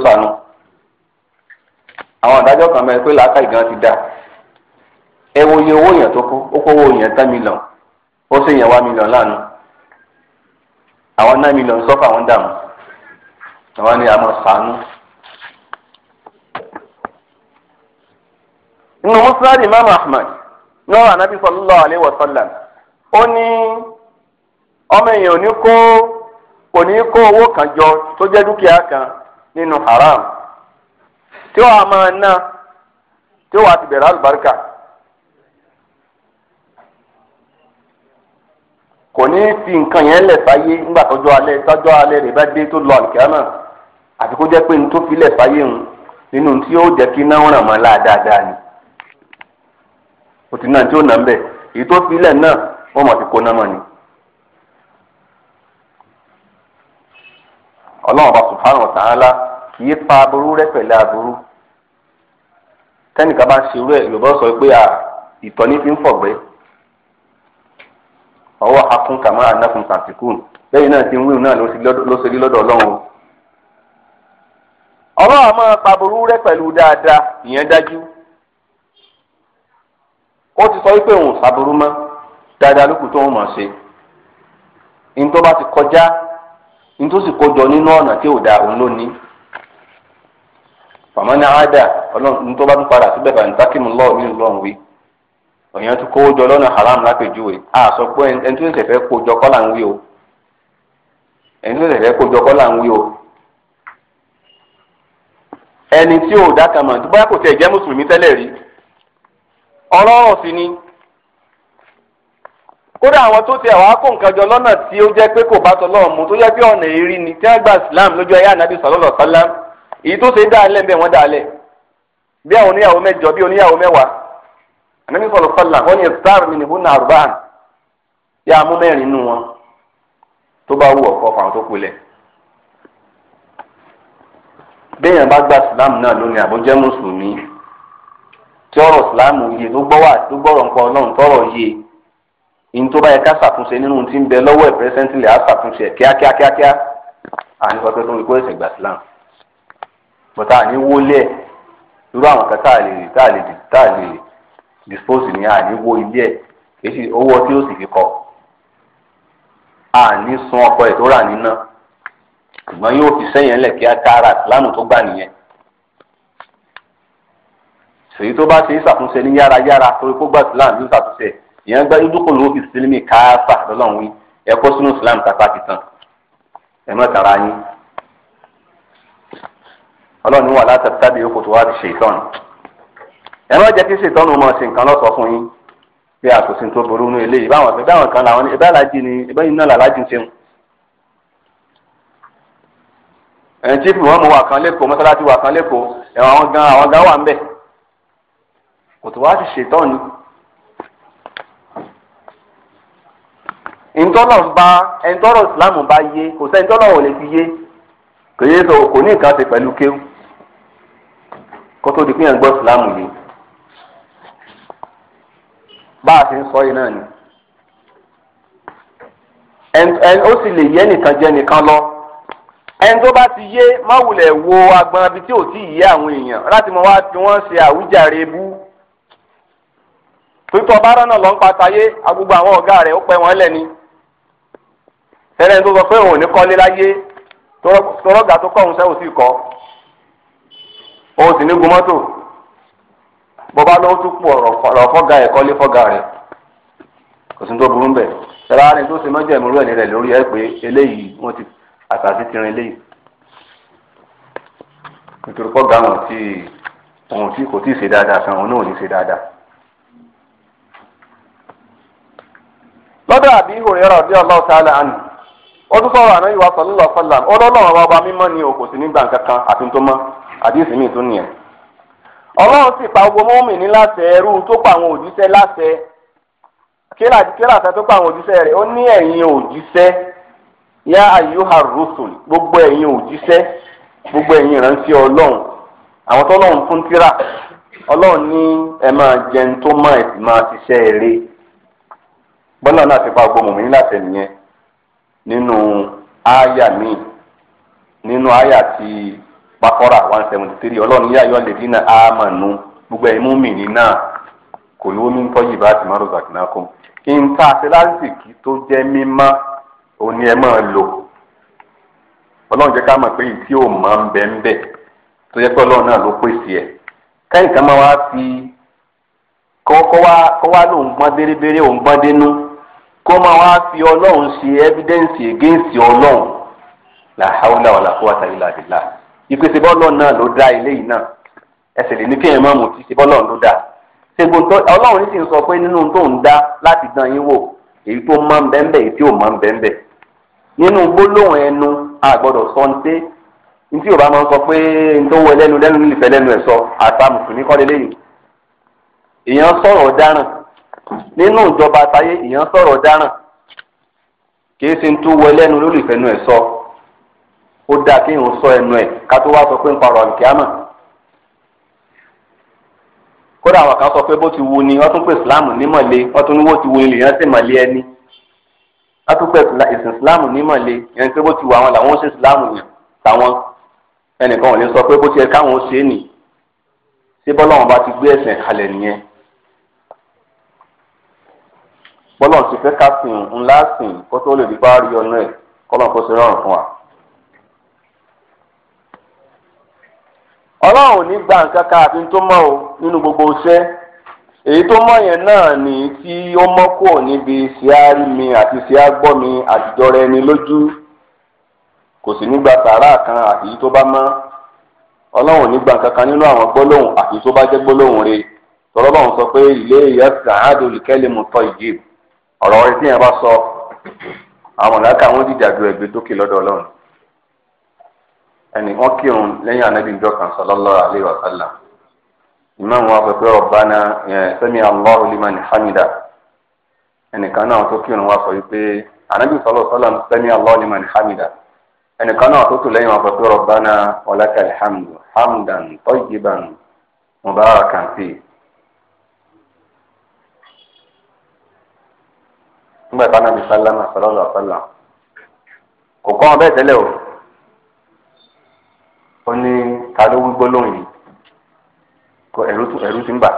àwọn adájọ́ kan mẹ́rin làákà ti dà ẹ wo owó èèyàn tó kó owó èèyàn tán mílíọ̀n ó sì yẹn wá mílíọ̀n láàánú àwọn inu musulari imam ahmad lọ́wọ́ anabi sallallahu alayhi wa sallam ó ní ọmọ èèyàn ní kó kò ní kó owó kan jọ tó dúkìá kan nínú haram tí wàá máa ná tí wàá ti bẹ̀rẹ̀ àlùbáríkà kò ní fi nǹkan yẹn lẹ̀ sáyé nígbà tọ́jọ́ alẹ́ tọ́jọ́ alẹ́ rẹ̀ bá dé tó lọ fi sáyé nínú tí ó ti náà tí ó nà ń bẹ̀ èyí tó fi ilẹ̀ náà wọ́n mọ̀ ti kó náà mọ̀ ni. ọlọ́run ọba subhanahu wa ta'ala kì í pa aburú rẹ pẹ̀lú aburú tẹ́nìkan bá ń ṣerú ẹ̀ yorùbá sọ pé ìtọ́ni fi ń fọ̀gbẹ́ ọwọ́ akún kàmá ànákùn tàǹtìkùn lẹ́yìn náà ti ń wíwù náà ló ṣe rí lọ́dọ̀ ọlọ́run ọlọ́run máa pa aburú rẹ pẹ̀lú dáadáa ìyẹn dájú ó ti sọ wípé òun ṣàbùrú mọ́ dáadáa lókù tó ń mọ̀ ṣe bá ti kọjá nítorí sì kọjọ nínú ọ̀nà tí ò da òun ló fàmọ́ ní àádà ọlọ́run bá tún padà síbẹ̀ fà nìtàkìmù lọ́ọ̀ mí lọ́ọ̀ wí òyìn tún kówó jọ lọ́nà haram lápèjúwe a sọ pé ẹni tó o ẹni tó kó jọ kọ́ là o ẹni tí ò dá kan mọ̀ ọ̀rọ̀ ọ̀rọ̀ sì ni kódà àwọn tó tiẹ̀ wàá kó nǹkan jọ lọ́nà tí ó jẹ́ pé kò bá tọ́lọ́ mu tó jẹ́ pé ọ̀nà èrí ni tí wọ́n gba Islam lójú ayé ànábì sọlọ́lọ́ sálám èyí tó ṣe dáalẹ̀ bẹ́ẹ̀ wọ́n dáalẹ̀ bí àwọn oníyàwó mẹ́jọ bí oníyàwó mẹ́wàá ànábì sọlọ́ sálám wọ́n ní star mi nìbú náà rúbà yá mú mẹ́rin nù wọn tó bá wù ọ̀kọ́ fáwọn tó kulẹ̀ bẹ́ẹ̀ yẹn bá gba Islam náà lónìí tí ọ̀rọ̀ ìsìláàmù yìí tó gbọ́ wà tó gbọ́rọ̀ nǹkan Ọlọ́run tọrọ yìí ìyìn tó bá yẹ ká ṣàtúnṣe nínú ti ń bẹ lọ́wọ́ ẹ̀ pẹ́sẹ́ntìlì á ṣàtúnṣe ẹ̀ kíákíá kíákíá àní sọ pé tó ń kó ẹ̀sẹ̀ gbà sílám bọ̀tá àní wọlé ẹ̀ irú àwọn kan tá a lè tá a lè tá a lè dispose ní àní wó ilé ẹ̀ èsì owó tí ó sì fi kọ́ àní sun ọkọ ẹ̀ tó rà nínà ṣùgbọ́n yóò fi sẹ́yìn ẹlẹ̀ kíákíá ara tó gbà nìyẹn èyí tó bá ṣe é ṣàtúnṣe ní yárayára torí kó gba islam ló ṣàtúnṣe ìyẹn gba ìdúkọ̀ ló fi sílímì káfà lọ́lọ́run wí ẹ kó sínú islam kàtàkì tán ẹ mọ̀ tara yín ọlọ́run wà látàbí tábìlì ó kò tó wá ti ṣe ìtọ́nù ẹ má jẹ́ kí ṣètọ́nù mọ̀ ṣe nǹkan lọ́sọ̀ fún yín bí àkòsí tó burú nú eléyìí báwọn ọ̀sẹ̀ báwọn kan làwọn ẹ̀bá alájí ni ẹ̀bá iná làlájí ń ṣeun. ẹ̀ ń chífù wọn mú wà kan lẹ́kọ̀ọ́ mọ́sálásí wà kan lẹ́kọ̀ọ́ ẹ̀wọ̀n àwọn gan àwọn gan wà ń bẹ̀ kò tó wá ti ṣètọ́ ni. ìtọ́lọ̀ ń bá ẹ̀ńtọ́rọ̀ ìsìláàmù bá yé kò sẹ́ ẹ̀ńtọ́lọ̀ ò lè fi yé kò yé sọ kò ní nǹkan ṣe pẹ̀lú kéwù kó tó di pé yìí bá a ti ń sọ yìí náà ni ó sì lè yé nìkan jẹ́ nìkan lọ ẹni tó bá ti yé má wo agbọn tí ò tí yé àwọn èèyàn láti mọ wá tí wọ́n ṣe àwíjàre bú pípọ̀ bára náà lọ́n pa tayé agbègbè àwọn ọ̀gá rẹ̀ ó pẹ́ wọn lẹ́ni tẹ́lẹ̀ tó sọ pé òun ò ní kọ́lé láyé tọ́lọ́gà tó kọ́ òun sẹ́wọ̀n sí kọ́ òun sì ní gun mọ́tò bọ́bá lọ́wọ́ tó pọ̀ ọ̀rọ̀ fọ́gà ẹ̀ kọ́lé fọ́gà rẹ̀ kò sí tó burú ń bẹ̀ ṣẹlẹ̀ àárín tó ṣe mọ́jọ́ ìmúrú ẹ̀ní rẹ̀ lórí ẹ̀ pé eléyìí wọ́n ti àtàtì ti rin eléyìí nítorí fọ́gà wọn tí òun kò tí ì ṣe dáadáa fún òun náà ò ní ṣe dáadáa. lọ́dọ̀ àbí ìhòòrè rà bí ọlọ́ọ̀ tá a àná ìwà sọ̀rọ̀ ọba mímọ́ ni o kò sí nígbà kankan mọ́ àdéhùn mi tún nìyẹn. ọlọ́run sì gbogbo ní láṣẹ ẹrú tó àwọn òjíṣẹ́ láṣẹ kíláà kíláà tó pa àwọn òjíṣẹ́ rẹ̀ ó ní ẹ̀yin òjíṣẹ́ yá gbogbo ẹ̀yin òjíṣẹ́ gbogbo ẹ̀yin ọlọ́run àwọn ẹ bọ́lá náà ti fa gbọmọ mi láti ẹnìyẹn nínú àyà mi nínú àyà ti bakora one seventy three ọlọ́run yá yọ lèdí náà àmànú gbogbo ẹ̀yin mùmínì náà kò lówó ní tọ́jú ìbá àti márùn zàkínàkùn nta àtẹlásìkì tó jẹ́ mímọ́ òní ẹ máa lò ọlọ́run jẹ́ ká mọ̀ pé ìtí ò mọ̀ ń bẹ́ ń bẹ́ tó jẹ́ pé ọlọ́run náà ló pèsè ẹ̀ kẹ́yìn kan máa wá fi kọ́ wá lóun gbọ́n dérébéré òun gbọ́n dénú kó máa wá fi ọlọ́run ṣe evidence against ọlọ́run la haula wala quwwata illa billah ìpèsè bọ́ọ̀lù náà ló dá ilé yìí náà ẹsẹ̀ lè ní kí ẹ̀yìn máa mú ti ṣe bọ́ọ̀lù ló dá ṣègbòntò ọlọ́run sì ń sọ pé nínú tó ń dá láti dán yín wò èyí tó máa ń bẹ́ńbẹ́ èyí tí ò máa ń bẹ́ńbẹ́ nínú gbólóhùn ẹnu àgbọ̀dọ̀ sọ ń tẹ́ ntí yorùbá máa ń sọ pé ntó wọ ẹlẹ́nu lẹ́nu nílùfẹ́ lẹ́nu ẹ̀ sọ àtàmùsùn ní kọ́lé lẹ́yìn èèyàn sọ̀rọ̀ ọ̀daràn nínú ìjọba àtayé ìyẹn sọ̀rọ̀ dáràn kìí ṣe ń tó wọ ẹlẹ́nu lólùfẹ́ nu ẹ̀ sọ ó dáa kí ìhùn sọ ẹnu ẹ̀ ká tó wá sọ pé ń parọ́ àlùkìámà kódà àwọn kan sọ pé bó ti wu ni wọ́n tún pè ìsìláàmù nímọ̀lé wọ́n tún ní wọ́n ti wu ni lèèyàn sì mọ̀lé ẹni wọ́n tún pè ìsìn ìsìláàmù nímọ̀lé yẹn pé bó ti wu àwọn làwọn ó ṣe ìsìláàmù yẹn táwọn ẹnìkan ò ní sọ pé bó ti yẹ káwọn ó ṣe é nì ṣé bọ́lá wọn bá ti gbé ẹ̀sìn kalẹ̀ nìyẹn bọ́lọ̀ ti fẹ́ ká sìn ńlá sìn kó tó lè rí bá rí ọ̀nà ẹ̀ kọ́lọ́n kó ṣe rọrùn o nínú gbogbo iṣẹ́ èyí tó yẹn náà ni tí ó kúrò níbi mi àti mi àtijọ́ rẹ ni lójú kò sì nígbà kan àti èyí tó bá mọ́ ọlọ́run ní gba nǹkan kan nínú àwọn gbólóhùn àti tó bá jẹ́ rẹ̀ sọ pé ilé ìyá sàádùn tọ́ ọ̀rọ̀ orí tí yẹn bá sọ àwọn mọ̀láka wọn dìde àjò ẹgbẹ́ dókè lọ́dọ̀ ọlọ́run ẹnì wọn kírun lẹ́yìn anabi njọ kan sallallahu alaihi wa sallam imam wa pẹpẹ rabbana sami Allahu liman hamida ẹnìkan náà tó kírun wa sọ wípé anabi sallallahu sallam sami Allahu liman hamida ẹnìkan náà tó tù lẹ́yìn wa pẹpẹ rabbana walakal hamdu hamdan tayyiban mubarakan fi. nígbà tí anabi sálámà sọlọ́lọ́ sọlá kò kọ́ wọn bẹ́ẹ̀ tẹ́lẹ̀ o ó ní ta ló wí gbólóhùn yìí kò ẹ̀rú ti ń bà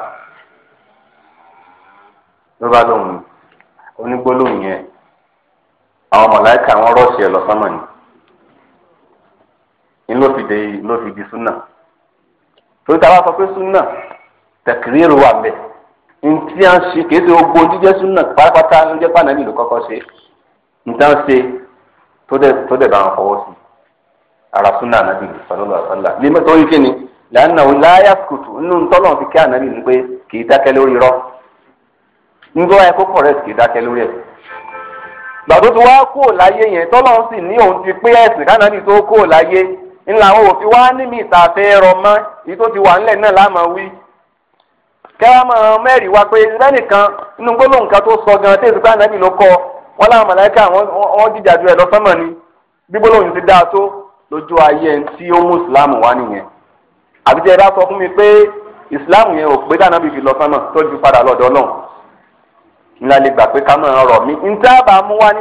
ló bá lóhùn onígbólóhùn yẹn àwọn mọ̀láìkà wọn rọ̀ọ̀ṣì ẹ̀ lọ́sọ́mọ̀ ni ni ló fi de ló fi di súnà torí ta bá sọ pé súnà tẹ̀kìrì rẹ̀ wà bẹ́ẹ̀ ntí à ń ṣe kìí ṣe gbogbo jíjẹ́ súnà pátápátá ló jẹ́ pàdánù ìlú kọ́kọ́ ṣe ntí à ń ṣe tó dẹ̀ bá wọn fọwọ́ sí ara súnà ànábì sọlọ́lọ́ àṣálà ní torí kí ni làánà òun láyà kùtù nínú ntọ́lọ̀ fi kí ànábì ní pé kìí dákẹ́ lórí rọ́ ńgbọ́ ẹ kó kọ̀rẹ́ kìí dákẹ́ lórí ẹ̀ gbàdó tó wá kó láyé yẹn tọ́lọ́ sì ní òun ti pé ẹ̀sìn kánàbì tó kó láyé ńlá òfin wá ní ìtàfẹ́ rọ mọ́ èyí ti wà ńlẹ̀ náà láàmú wí kẹ́wàá máa mẹ́rin wá pé lẹ́nìkan inú gbólóhùn kan tó sọ gan tẹ́sí pé ànábì ló kọ́ wọn láwọn màláíkà wọn jíjà ju ẹ̀ ni bí gbólóhùn ti dáa tó lójú ayé tí ó mú ìsìláàmù wá nìyẹn sọ fún mi pé ìsìláàmù yẹn ò pé fi lọ tó ju padà lọ́dọ̀ lè gbà pé ká mú wá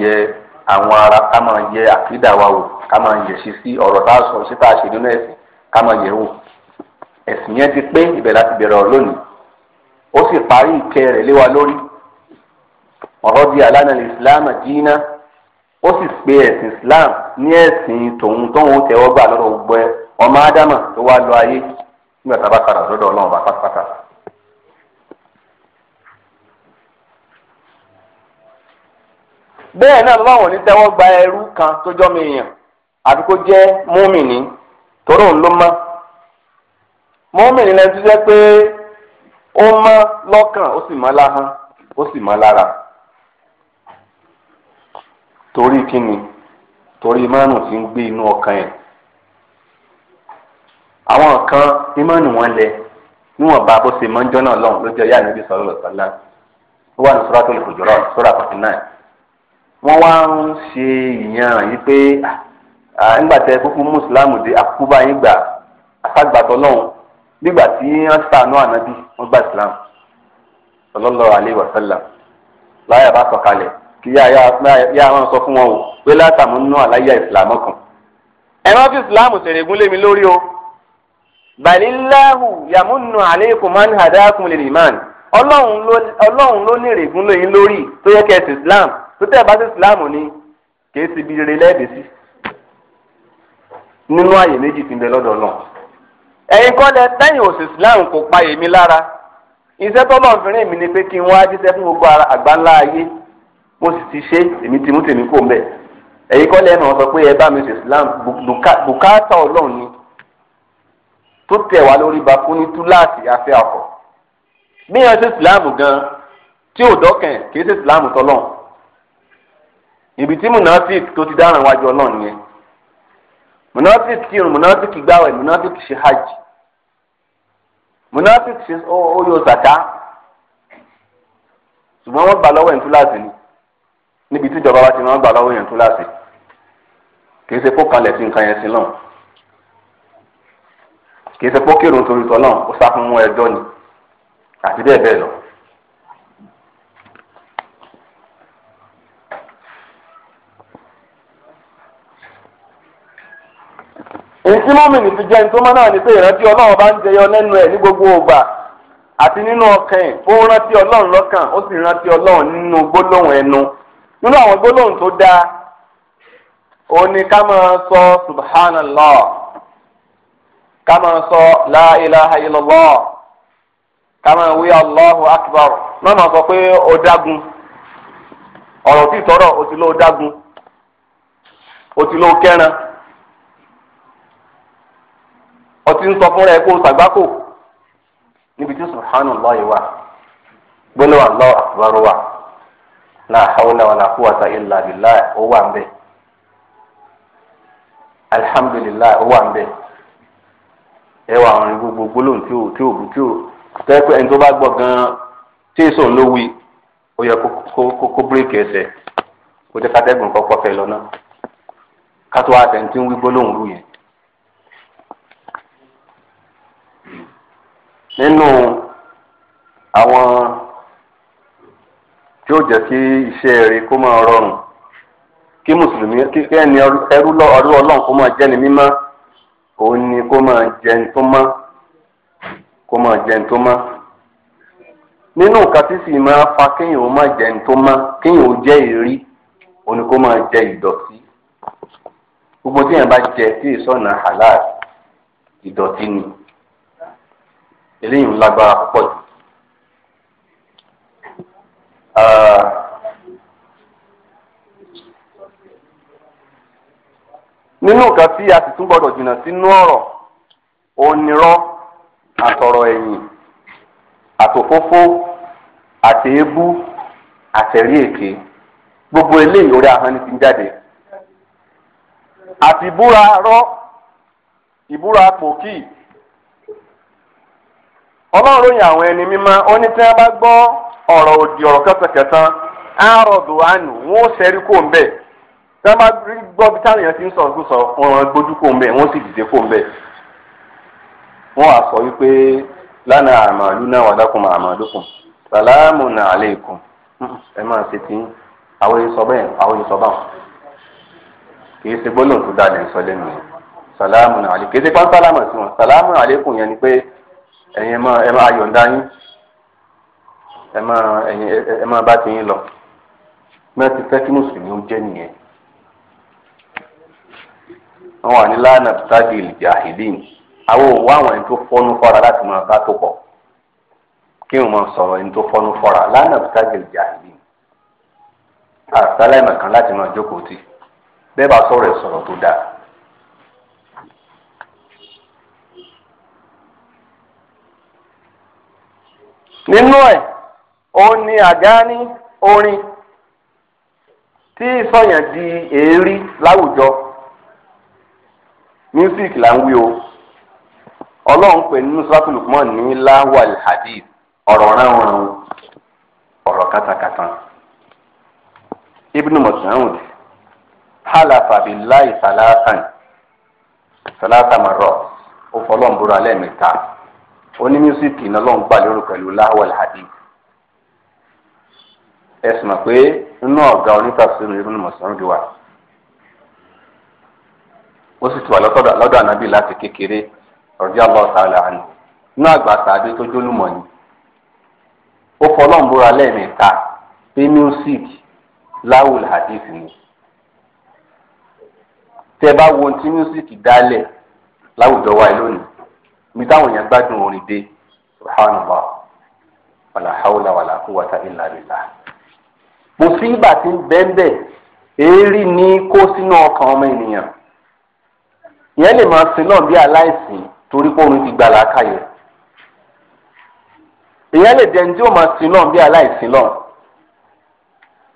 sì àwọn ara ká máa yẹ àkídà wa wò ká máa yẹ ṣe sí ọ̀rọ̀ tá a sọ sí tá a ṣe nínú ẹ̀sìn ká máa yẹ wò ẹ̀sìn yẹn ti pé ibẹ̀ láti bẹ̀rẹ̀ ọ̀rọ̀ lónìí ó sì parí ìkẹ́ rẹ̀ lé wa lórí ọ̀rọ̀ bíi alánà islam dínà ó sì pe ẹ̀sìn islam ní ẹ̀sìn tòun tóun tẹ́wọ́ gbà lọ́dọ̀ gbogbo ọmọ ádámà tó wá lọ ayé nígbà tá a bá padà lọ́dọ̀ ọlọ́run bá pátápátá. bẹ́ẹ̀ náà lọ́wọ́ ní tẹ́wọ́ gba ẹrú kan tó jọ́ mi yàn àbí kó jẹ́ mùmínì tóró ń ló mọ́ mùmínì lẹ́nu tó jẹ́ pé ó mọ́ lọ́kàn ó sì mọ́ láhán ó sì mọ́ lára torí kíni torí imánu ti ń gbé inú ọkàn yẹn àwọn kan imánu wọn lẹ níwọ̀n bá bó ṣe mọ́ ń jọ́nà lọ́hùn ló jẹ́ yáà níbi sọ̀rọ̀ lọ́sọ̀lá ó wà ní suratul Hujurat sura forty nine. wọ́n wá ń ṣe ìyàn yìí pé ah, nígbà tẹ kúkú mùsùlámù dé akúkú báyìí gbà aṣágbàtọ̀ lọ́hùn nígbà tí wọ́n ṣàánú ànábì wọ́n gba ìsìlámù sallallahu alaihi wasallam láyà bá sọ̀kalẹ̀ kí yá yá wọn sọ fún wọn o pé látàmú nú àláyà ìsìlámù kan. ẹ má fi ìsìlámù ṣèrègùn lémi lórí o balillahu yamunnu alaykum man hadakum lil iman ọlọ́run ló ní ìrègùn lóyìn lórí tó yẹ kẹ́ islam tó tẹ̀ bá sí ìsìláàmù ni kì í sì bí rere lẹ́ẹ̀dẹ̀ sí nínú àyè méjì tí lọ́dọ̀ náà ẹ̀yin kọ́ lẹ tẹ́yìn òsì ìsìláàmù kò pa èmi lára iṣẹ́ tó lọ́n fìrín mi ni pé kí n wá jíṣẹ́ fún gbogbo àgbáńlá ayé mo sì ti ṣe èmi ti mú tèmi kò ń bẹ̀ ẹ̀yin kọ́ lẹ́nu ọ̀sán pé ẹ bá mi ṣe ìsìláàmù bùkátà ọlọ́run ni tó tẹ̀ wá lórí ba fún ní túláàsì afẹ́ àkọ́ bí yẹn ṣe ìsìláàmù gan tí ò dọ́kẹ̀ kì í ṣe ìsìláàmù tọ́lọ́run ibi tí munafik tó ti dáràn wájú ọlọ́run yẹn munafik kírun munafik gbàwẹ̀ munafik ṣe hajj munafik ṣe oyo zaka ṣùgbọ́n wọ́n gbà lọ́wọ́ ìtúláàsì ni níbi tí ìjọba wa ti máa ń gbà lọ́wọ́ ìtúláàsì kì í ṣe kó kanlẹ̀ sí nǹkan yẹn sí náà kì í ṣe kó kírun torí tọ́ náà ó sá fún ẹjọ́ ni àti bẹ́ẹ̀ bẹ́ẹ̀ lọ. èyí tí mọ́mìnì fi jẹ́ ní náà ní pé ìrántí ọlọ́run bá ń jẹyọ lẹ́nu ẹ̀ gbogbo àti nínú ọkàn ó rántí ọlọ́run lọ́kàn ó sì rántí ọlọ́run nínú gbólóhùn ẹnu nínú àwọn gbólóhùn tó dáa ó ní ká máa sọ subhanallah ká máa sọ la ilaha ká máa wí allahu akbar náà máa sọ pé o dágun ọ̀rọ̀ tí ọtí ń sọ fún rẹ kó o sàgbákò níbi tí subhanallah yìí wà gbólóhùn Allahu akbar wà la hawla wala quwwata illa billah ó wà ń bẹ alhamdulillah ó wà ń bẹ ẹ wà àwọn gbogbo gbólóhùn tí ò tí ò tí ò tẹ́pẹ́ ẹni tó bá gbọ́ gan-an tí èso ń lówí ó yẹ kó kó bírèkì ẹsẹ̀ kó jẹ́ kátẹ́gùn kọ́kọ́ fẹ́ lọ náà ká tó wá àtẹ̀ntì ń wí gbólóhùn rú yẹn. nínú àwọn tí ó jẹ́ kí iṣẹ́ rẹ̀ kó máa rọrùn kí mùsùlùmí kí ẹni ẹrú ọdún ọlọ́run kó máa jẹ́ni ni kó máa jẹun tó mọ́ kó máa jẹun tó nínú nǹkan tí sì máa fa kéèyàn ó máa jẹun tó mọ́ kéèyàn ó jẹ́ òun ni kó máa jẹ ìdọ̀tí gbogbo tí èèyàn bá jẹ tí èso ọ̀nà ni. eléyìí ń lágbára púpọ̀ jù. nínú nǹkan tí a sì tún gbọdọ̀ jìnnà sínú ọ̀rọ̀ onírọ́ àtọ̀rọ̀ ẹ̀yìn àtòfófó àtẹ̀ébú àtẹ̀rí èké gbogbo eléyìí orí ahọ́n ni ti ń jáde àti ìbúra rọ́ ìbúra pòkì. ọlọ́run ròyìn àwọn ẹni mímọ́ ó ní tí wọ́n bá gbọ́ ọ̀rọ̀ òdì ọ̀rọ̀ kẹsànkẹsàn àárọ̀dù àánú wọn ó ṣẹ́rí kó ń bẹ̀ tí wọ́n bá rí gbọ́ bí táwọn èèyàn ti ń sọ̀rọ̀ sọ wọn gbójú kó ń bẹ̀ wọ́n sì dìde kó ń bẹ̀ wọ́n á sọ wípé lánàá àmàlú náà wà dákun àmàlúkùn sàlámù nà àlékún ẹ máa ṣe tí àwọn èèyàn sọ bẹ́ẹ̀ àwọn èèyàn sọ báwọn kì í ṣe gbólóhùn tó dáa lè sọ lẹ́nu yẹn sàlámù nà àlékún kì í ṣe pọ́ńtàlámù sí wọn sàlámù àlékún yẹn ni pé ẹ̀yin ẹ máa ẹ máa yọ̀ǹda yín ẹ máa ẹ̀yin ẹ máa bá ti yín lọ náà ti fẹ́ kí mùsùlùmí ó jẹ́ nìyẹn wọn wà ní lánàá tàbí ìjàhìlín àwọn òwò àwọn ẹni tó fọ́nú fọ́ra láti máa bá tó pọ̀ kí wọn máa sọ̀rọ̀ ẹni tó fọ́nú fọ́ra lánàá tàbí ìjàhìlín àtàlẹ́ mẹ̀kan láti máa jókòó tì bẹ́ẹ̀ bá sọ̀rọ̀ ẹ̀ sọ̀rọ̀ tó dáa. nínú e, òun ni àgáni orin tí di èérí láwùjọ music là ń wí o ọlọ́run pè nínú sọ́kùn lùkùmọ́ ní láwàl hadith ọ̀rọ̀ ránran ọ̀rọ̀ kátàkátà ibnu Mas'ud halafa billahi salatan salata marra ó fọlọ́n búra oní mísíkì na ló ń gbà lérò pẹ̀lú láwọ̀lì hadith pé inú ọ̀gá onítàsínú irú ni mọ̀sán di wa ó sì tù wá lọ́dọ̀ ànábì láti kékeré ọ̀rọ̀dí àlọ́ọ̀tàlá àná inú àgbà sàádé tó jólúmọ̀ ni ó fọlọ́n búra lẹ́ẹ̀mẹ́ta pé mísíkì láwọ̀lì hadith ni tẹ́ bá wo ohun tí dálẹ̀ mi táwọn èèyàn gbádùn orin dé subhanallah wàlà hawla wàlà kúwàtà ìlà bìlà. mùsíbà ti ń bẹ́ńbẹ́ èérí ní kó sínú ọkàn ọmọ ènìyàn ìyẹn lè máa sin náà bí aláìsìn torí pé orin ti gbà lákàyè èèyàn lè dẹni tí ó máa sin náà bí aláìsìn náà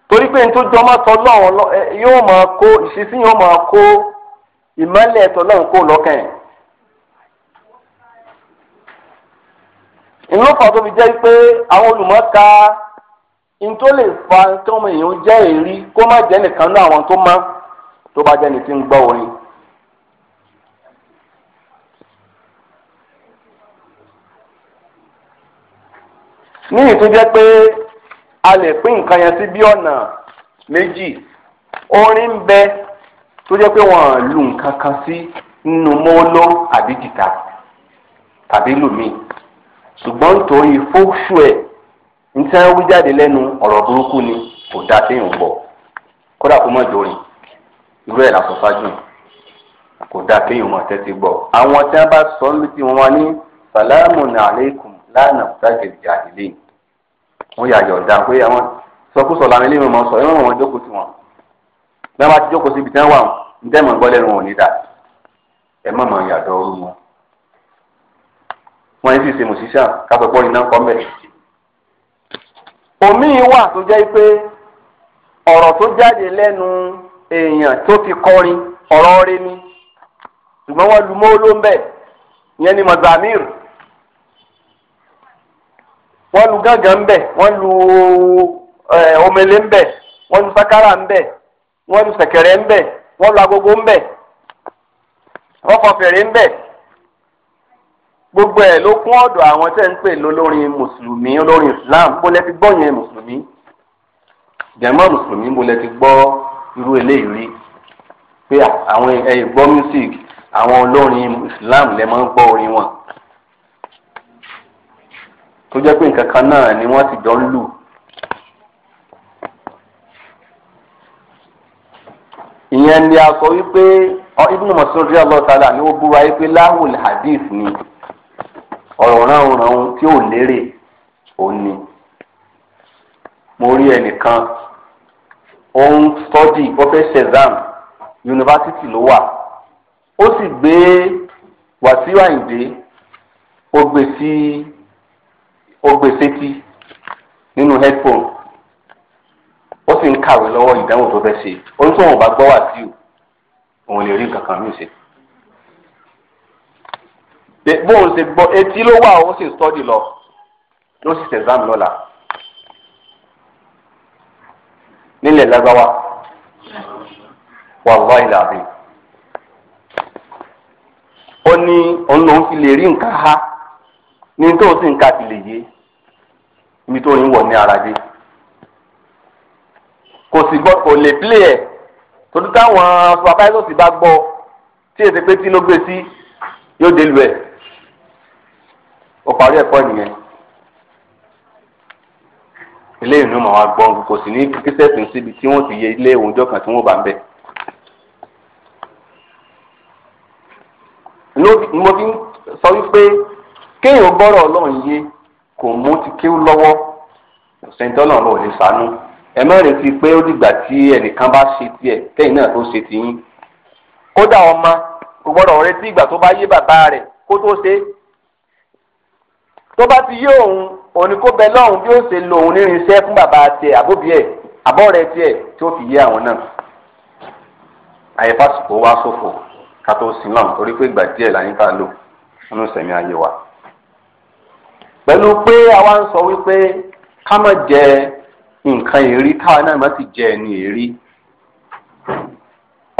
torí pé nítorí jọmọ sọ lọ́wọ́ yóò máa kó ìṣesí yóò máa kó ìmọ́lẹ̀ ẹ̀tọ́ kó lọ́kàn ẹ̀. ìlú kan tó fi jẹ́ pé àwọn olùmọ̀ọ́ka ntó lè fa ọmọ èèyàn jẹ́ èrí kó má jẹ́ nìkan náà àwọn tó má tó bá jẹ́ ní ti ń gbọ́ orin. ní jẹ́ pé a lè pín nǹkan yẹn sí bí ọ̀nà méjì orin ń bẹ tó jẹ́ pé wọ́n lu nǹkan kan sí nínú mọ́ọ́lọ́ àbí jìtá tàbí lùmíì. ṣùgbọ́n nítorí fóṣù ẹ̀ níta wí jáde lẹ́nu ọ̀rọ̀ burúkú ni kò dáa téèyàn gbọ́ kódà kó mọ̀ dòrin irú ẹ̀ làkọ́ ṣáájú kò dáa téèyàn mọ̀ tẹ́tí gbọ́ àwọn tí wọ́n bá sọ ń lùtì wọn wá ní sàlámù alaykum lánà tàgẹ̀dì àdìlẹ́ wọn yà yọ̀ọ̀dà pé àwọn sọkúsọ làwọn eléyìí mọ̀ sọ ẹ̀wọ̀n wọn jókòó sí wọn bí wọ́n bá ti jókòó síbi tí wọ́n wà ń gbọ́ lẹ́nu wọn wọ́n sì ṣe mùsíṣà kápẹ́pọ́ iná kọ́ mẹ́. òmíì wà tó jẹ́ pé ọ̀rọ̀ tó jáde lẹ́nu èèyàn tó ti kọrin ọ̀rọ̀ rẹ ni ṣùgbọ́n wọ́n lu mọ́ọ́ ló ń bẹ̀ ìyẹn ni mazamir wọ́n lu gángan ń bẹ̀ wọ́n lu omele ń bẹ̀ wọ́n lu sakara ń bẹ̀ wọ́n lu ṣẹ̀kẹ̀rẹ̀ ń bẹ̀ wọ́n lu agogo ń bẹ̀ wọ́n fọ fèrè ń bẹ̀ gbogbo ẹ̀ ló kún ọ̀dọ̀ àwọn tẹ́ ń pè lólórin mùsùlùmí olórin islam bó lẹ ti gbọ́ yẹn mùsùlùmí jẹ̀mọ́ mùsùlùmí bó lẹ ti gbọ́ irú eléyìí rí pé àwọn ẹ̀yìn gbọ́ music àwọn olórin islam lẹ máa ń gbọ́ orin wọn tó jẹ́ pé nǹkan kan náà ni wọ́n ti jọ ń lù. ìyẹn ni a sọ wípé Ibn Mas'ud radiyallahu ta'ala ni ó búra wípé láhùl hadith ni ọ̀rọ̀ ránhùnránhùn tí ò lérè òun ni mo rí ẹnìkan ó ń study ó fẹ́ ṣẹ̀zám yunifásitì ló wà ó sì gbé Wàsíù Àyìndé ó gbé sí ó gbé sétí nínú headphone ó sì ń kàwé lọ́wọ́ ìdánwò tó fẹ́ ṣe ó ń sọ̀rọ̀ bá gbọ́ Wàsíù òun lè rí nǹkan kan mí ṣe bóun ṣe gbọ́ etí ló wà òun sì study lọ ló sì ṣe exam lọ́la nílẹ̀ lágbáwá wàhálà ìlàbí ó ní òun lòun fi lè rí nǹkan ha ní tó sì ń ka ti lè yé ibi tó ń wọ̀ ní ara dé kò sì gbọ́ kò lè play ẹ̀ torí táwọn supervisors bá gbọ́ tí èsì pé tí ló gbé sí yóò dé ẹ̀ ó parí ẹ̀kọ́ nìyẹn eléyìí ni màá gbọ́n kò sì ní kíkísẹ́ẹ̀tì síbi tí wọ́n ti yẹ ilé òunjọ́ kan tí wọ́n bá ń bẹ̀. ni mo fi sọ wípé kéèyàn gbọ́rọ̀ ọlọ́run yé kò mú ti kéwú lọ́wọ́ ṣèǹtọ́ náà ló lè sànú ẹ má retí pé ó dìgbà tí ẹnìkan bá ṣe tiẹ̀ kẹ́yìn náà tó ṣe tiyín kódà ọmọ kò gbọ́dọ̀ retí ìgbà tó bá yé bàbá rẹ̀ kó tó ṣe é tó bá ti yé òun òní kó bẹ lọ́hùn bí ó ṣe lo òun nírinṣẹ́ fún bàbá tiẹ̀ àbóbi ẹ̀ àbọ̀ rẹ̀ tiẹ̀ tí ó fi yé àwọn náà. àyẹ̀fàsìkò wá ṣòfò ká tó sin náà torí pé ìgbà díẹ̀ là ń fà lò nínú sẹ̀mí ayé wa. pẹ̀lú pé àwa ń sọ wípé ká má jẹ nǹkan èrí káwa náà má sì jẹ ẹni èrí.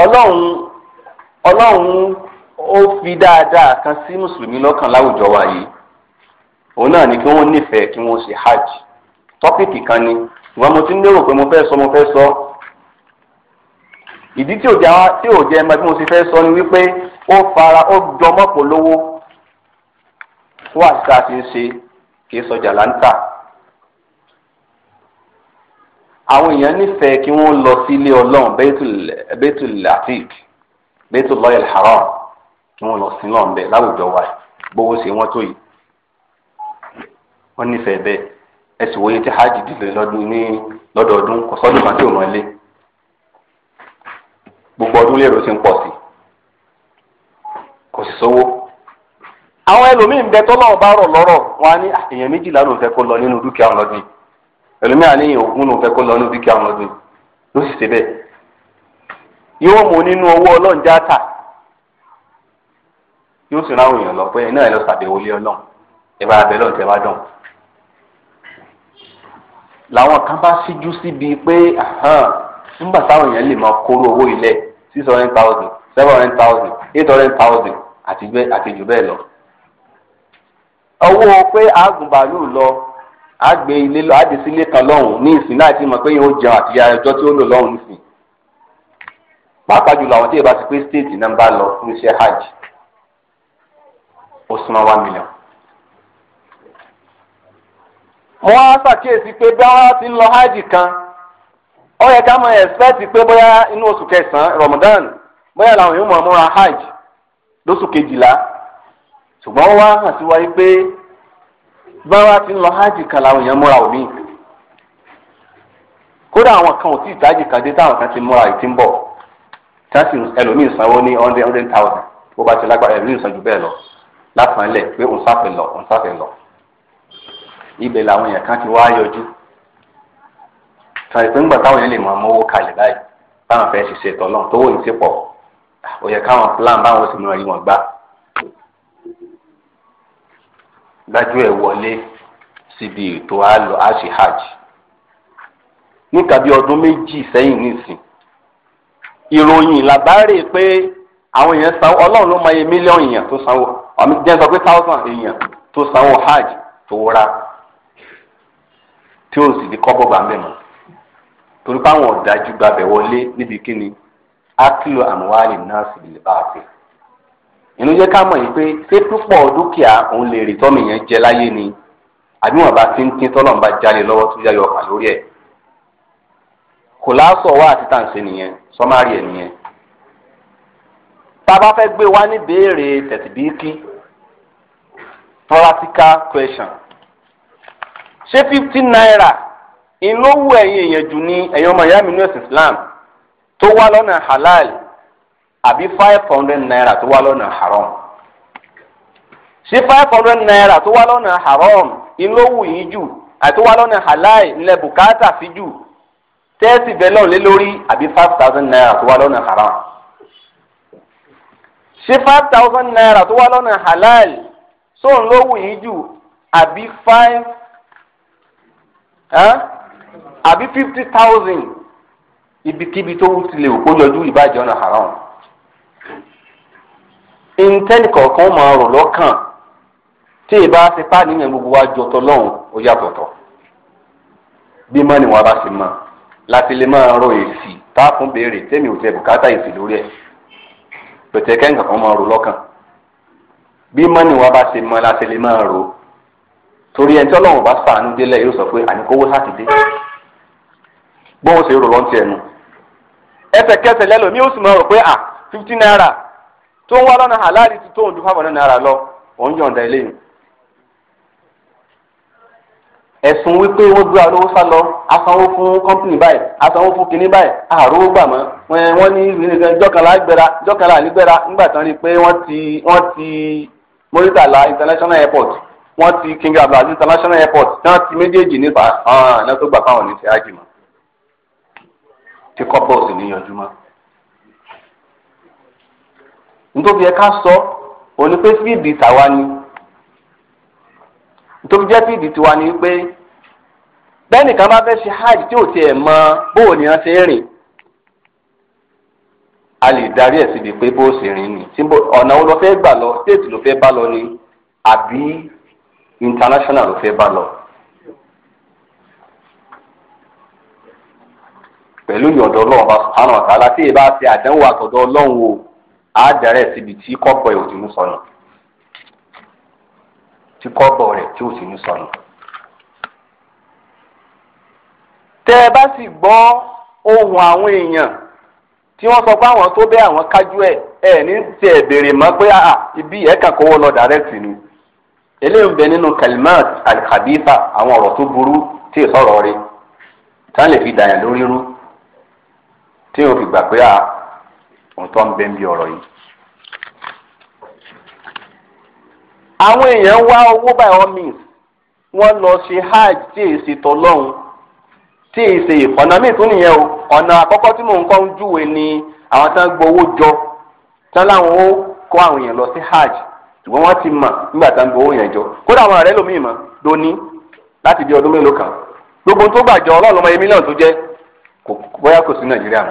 ọlọ́run ọlọ́run ó fi dáadáa kan sí mùsùlùmí lọ́kàn láwùjọ wa yìí òun náà ni kí wọ́n nífẹ̀ẹ́ kí wọ́n ṣe hajj tọ́pìkì kan ni ìwọ́n mo ti ń lérò pé mo fẹ́ sọ mo fẹ́ sọ ìdí tí òjá tí òjá ẹ̀ma bí mo ti fẹ́ sọ ni wípé ó fara ó jọmọ́ polówó wà sí ká ti ń ṣe kì í sọjà láńtà àwọn èèyàn nífẹ̀ẹ́ kí wọ́n lọ sí ilé ọlọ́run Baitul Atiq Baitullahil Haram kí wọ́n lọ sí náà ń bẹ láwùjọ wa gbowó ṣe wọ́n tó yìí wọ́n nífẹ̀ẹ́ bẹ́ẹ̀ ẹ̀sìn wòye tí hajj dìde ní lọ́dọọdún kò sọ́dún kan tí ò mọ́lé gbogbo ọdún lérò ti ń pọ̀ sí kò sì sówó. àwọn ẹlòmíì ń bẹ tọ́lọ́wọ́ rọ̀ lọ́rọ̀ wọn á ní ah, èèyàn méjìlá ló ń fẹ́ lọ nínú dúkìá wọn lọ́dún ẹlòmíì á ní lọ nínú dúkìá wọn lọ́dún ló sì ṣe bẹ́ẹ̀. yóò mú nínú owó yóò sì ráhùn làwọn kan bá ṣíjú síbi pé nígbà táwọn èèyàn lè máa kóró owó ilẹ̀ six hundred thousand seven hundred thousand eight hundred thousand àti jù bẹ́ẹ̀ lọ. owó pé àgùnbàlù lọ àgbé ilé lọ àdé sílé kan lọ́hùn ní ìsìn náà ti mọ̀ pé yóò jẹun àti ayọjọ́ tí ó lò lọ́hùn nísìn. pàápàá jùlọ àwọn tí ìbá ti pé stéètì náà ń bá lọ fún iṣẹ́ hajj ó súnmọ́ one million. wọ́n á ṣàkíyèsí pé bí wọ́n ti ń lọ hajj kan ó yẹ ká mọ ẹ̀sìpẹ́ẹ̀tì pé bóyá inú oṣù kẹsàn Ramadan bóyá làwọn yóò mọ̀ múra hajj lóṣù kejìlá ṣùgbọ́n wọ́n hàn sí wáyé pé ti ń lọ hajj kan làwọn èèyàn múra kódà àwọn kan ò tí ì kan dé táwọn kan ti múra ìtí ń sanwó ní hundred thousand bó ti lágbára san ju lọ pé òun ibẹ̀ làwọn èèyàn kan ti wá yọjú tàbí pé táwọn èèyàn lè mọ àmọ́wó kalẹ̀ báyìí báwọn fẹ́ ṣiṣẹ́ tọ́lọ́n tówó yìí ti pọ̀ ó yẹ káwọn plan báwọn sì mọ ìwọ̀n gbá dájú ẹ̀ wọlé síbi ètò àlọ àṣì hajj níka bí ọdún méjì sẹ́yìn nísìn ìròyìn làbárè pé àwọn èèyàn sanwó ọlọ́run ló mọ iye mílíọ̀nù èèyàn tó sanwó ọmọ jẹ́ sọ pé táwùsàn èèyàn tó sanwó hajj tó ra tí ó sì di kọ́bọ̀ bá ń bẹ̀ mọ́ torí báwọn ọ̀dájú gbabẹ̀ wọlé níbi kíni ákìlò àmúwálì náà sì lè bá a pè inú jẹ́ ká mọ̀ yìí pé ṣé púpọ̀ dúkìá òun lè rí tọ́mì yẹn jẹ láyé ni àbí wọn bá ti ń tín tọ́lọ́mù bá jalè lọ́wọ́ tó yáyọ ọkà lórí ẹ̀ kò láàsọ̀ wá àti tàǹsẹ̀ nìyẹn sọ́márì ẹ̀ nìyẹn tá a bá fẹ́ gbé wá ní béèrè tẹ̀síbíkì practical question ṣé fifty naira ìlówó ẹ̀yin èèyàn jù ní ẹ̀yin ọmọ ìyá mi ní ẹ̀sìn Islam tó wá lọ́nà halal àbí five hundred naira tó wá lọ́nà haram ṣé five hundred naira tó wá lọ́nà haram ìlówó yìí jù àti tó wá lọ́nà halal ńlẹ̀ bùkátà sí jù tẹ́ẹ̀sì bẹ́ẹ̀ lọ́n lé lórí àbí five thousand naira tó wá lọ́nà haram ṣé five thousand naira tó wá lọ́nà halal sóun lówó yìí jù àbí five àbí fifty thousand ibikíbi tó wù tilẹ̀ òkú yọjú ìbàjẹ́ ọ̀nà haram intanet kọ̀ọ̀kan máa rọ̀ lọ́kàn tí ì bá ṣe páàní yẹn gbogbo wa jọ tọ́ lọ́hùn ó yàtọ̀tọ̀ bí mọ́ni wọn bá ṣe mọ́ láti lè máa rọ èsì táàkùn béèrè tẹ́mi ò tẹ bùkátà èsì lórí ẹ̀ pẹ̀tẹ́kẹ́ nǹkan kan máa rọ̀ lọ́kàn bí mọ́ni wọn bá ṣe mọ́ láti lè máa rọ̀ torí ẹni tí ọlọ́run bá sàánú délẹ̀ yóò sọ pé àníkówó sáà ti dé gbọ́n ṣe rò lọ́ntì ẹnu ẹsẹ̀kẹsẹ̀ lẹ́lòmí ó sì máa pé à naira tó ń wá lọ́nà àláàrí ti tó five hundred naira lọ òun yọ̀ǹda eléyìí ẹ̀sùn wípé wọ́n gbé alówó sá lọ asanwó fún kọ́mpìnì báyìí asanwó fún kinní báyìí àròwó gbà mọ́ wọ́n ní ti wọ́n International Airport wọ́n ti King Abdulaziz international airport tí wọ́n ti méjèèjì nípa ọ̀hún náà tó gbà fáwọn oníṣẹ́ ájì mọ́ tí kọ́pọ̀ sì níyanjú mọ́. nítorí ẹ ká sọ òní pé fíìdì tàwa ni nítorí jẹ́ fíìdì tiwa ni pé bẹ́ẹ̀ nìkan bá fẹ́ ṣe hajj tí ò tiẹ̀ mọ bóò ni wọ́n ṣe ń rìn a lè darí ẹ̀ síbi pé bó ṣe rìn ni ọ̀nà wo lọ fẹ́ gbà lọ stéètì ló fẹ́ bá lọ ni àbí international ló fẹ́ bá lọ. pẹ̀lú ìyọ̀dọ̀ ọlọ́run bá sùn àwọn ọ̀tá láti ìbá ti àdánwò àtọ̀dọ̀ ọlọ́run o á dẹ̀rẹ̀ síbi tí kọ́bọ̀ ẹ̀ ò ti ní sọnù tí kọ́bọ̀ rẹ̀ tí ò ti ní sọnù. tẹ́ ẹ bá sì gbọ́ ohun àwọn èèyàn tí wọ́n sọ pé àwọn tó bẹ́ àwọn kájú ẹ̀ ẹ̀ ní tiẹ̀ béèrè mọ́ pé ibi ẹ̀ kàn kówó lọ dàrẹ́tì ni. eléyìí ń bẹ nínú kalimat alikabifa àwọn ọ̀rọ̀ tó burú tí ì sọ̀rọ̀ rí táwọn lè fi dàyàn lórí rú tí ò fi gbà pé a ah, òótọ́ ń bẹ ń bí ọ̀rọ̀ yìí. àwọn èèyàn wá owó by all means wọ́n lọ ṣe hajj tí èyí ṣe tọ́lọ́hún tí èyí ṣe ọ̀nà míì tún nìyẹn o ọ̀nà àkọ́kọ́ tí mò ń kọ́ ń júwe ni àwọn tí gbowó jọ tí láwọn ó kó àwọn èèyàn lọ sí hajj ṣùgbọ́n wọ́n ti mà nígbà tá à ń gbowó yẹn jọ kódà àwọn lómi ìmọ̀ ní láti bí ọdún mélòó kan gbogbo tó gbàjọ ọlọ́run ọmọ yẹmí tó jẹ́ bóyá kò sí nàìjíríà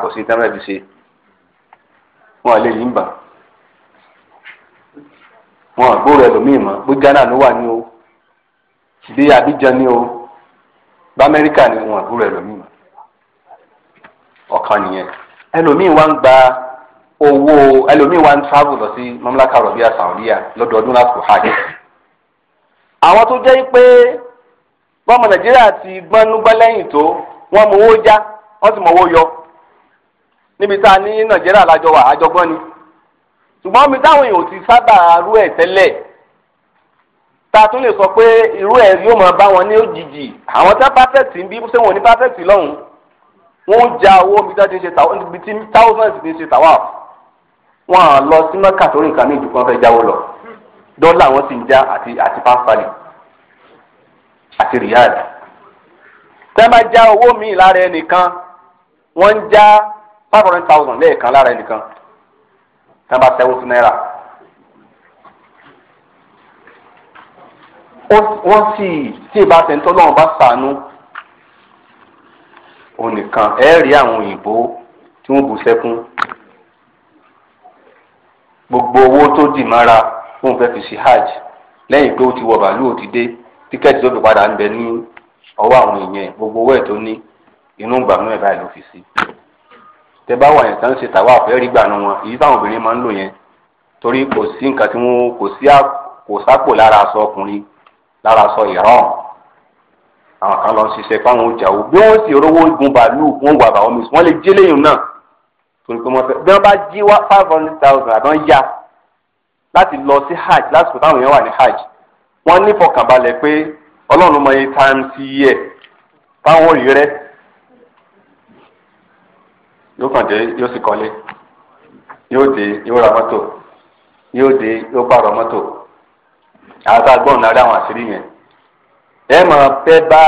kò sí tẹ́lẹ̀ fi ọ̀kan nìyẹn ẹlòmíì wá ń gba owó ẹlòmíì wá ń travel lọ sí mamlaka rọ̀bíà Saudiya lọ́dọọdún lásìkò hajj àwọn tó jẹ́ pé bọ́mọ Nàìjíríà ti gbọ́núgbọ́ lẹ́yìn tó wọ́n mọ owó já wọ́n sì mọ owó yọ níbi tá a ní Nàìjíríà lájọ wà àjọgbọ́n ni ṣùgbọ́n mi táwọn èèyàn ti sábà rú ẹ̀ tẹ́lẹ̀ ta tún lè sọ pé irú ẹ̀ yóò máa bá wọn ní òjijì àwọn tá perfect ń bí sẹ́wọ̀n ní perfect lọ́hùn-ún wọ́n já owó bí tá ti ṣe tàwọn níbi tí thousands ti ṣe tàwọn wọn à lọ sí mẹ́kà torí nǹkan ní ìdúpọ̀ fẹ́ jáwó lọ dọ́là wọn sì ń já àti àti pásítálì àti riyadh tẹ́ bá já owó míì lára ẹnìkan wọ́n ń já five hundred thousand lẹ́ẹ̀kan lára ẹnìkan tẹ́ bá sẹ́wọ́n sí náírà. wọ́n sì tí ìbátan tó lọ́wọ́ bá sànú onìkan ẹ rí àwọn òyìnbó tí wọ́n bù sẹ́kún gbogbo owó tó dì mára fóun fẹ́ fi ṣe hajj lẹ́yìn pé ó ti wọ bàálù ó ti dé tíkẹ́ẹ̀tì tó fi padà ń bẹ ní ọwọ́ àwọn èèyàn gbogbo owó ẹ̀ tó ní inú ìgbàanú ẹ̀ báyìí ló fi sí tẹ bá wà yẹn tán ṣe tàwa àfẹ́ rí gbàánu wọn èyí táwọn obìnrin máa ń lò yẹn torí kò sí nǹkan tí wọn kò sí kò lára aṣọ ọkùnrin lára aṣọ ìyàrá ọ̀hún àwọn kan lọ ṣiṣẹ́ fáwọn ọjà o bí wọ́n sì rówó gun bàálù wọ́n wà bàwọn mi wọ́n lè jí léyìn náà torí pé wọ́n fẹ́ bí wọ́n bá jí wá five hundred thousand àbọ̀n ya láti lọ sí hajj lásìkò táwọn èèyàn wà ní hajj wọ́n ní fọkànbalẹ̀ pé ọlọ́run mọ iye times iye táwọn ò rí rẹ́ yóò kàn dé yóò sì kọ́lé yóò dé yóò ra mọ́tò yóò dé yóò pààrọ̀ mọ́tò àwọn tá a gbọ́n náà rí àwọn àṣírí yẹn ẹ máa fẹ́ bá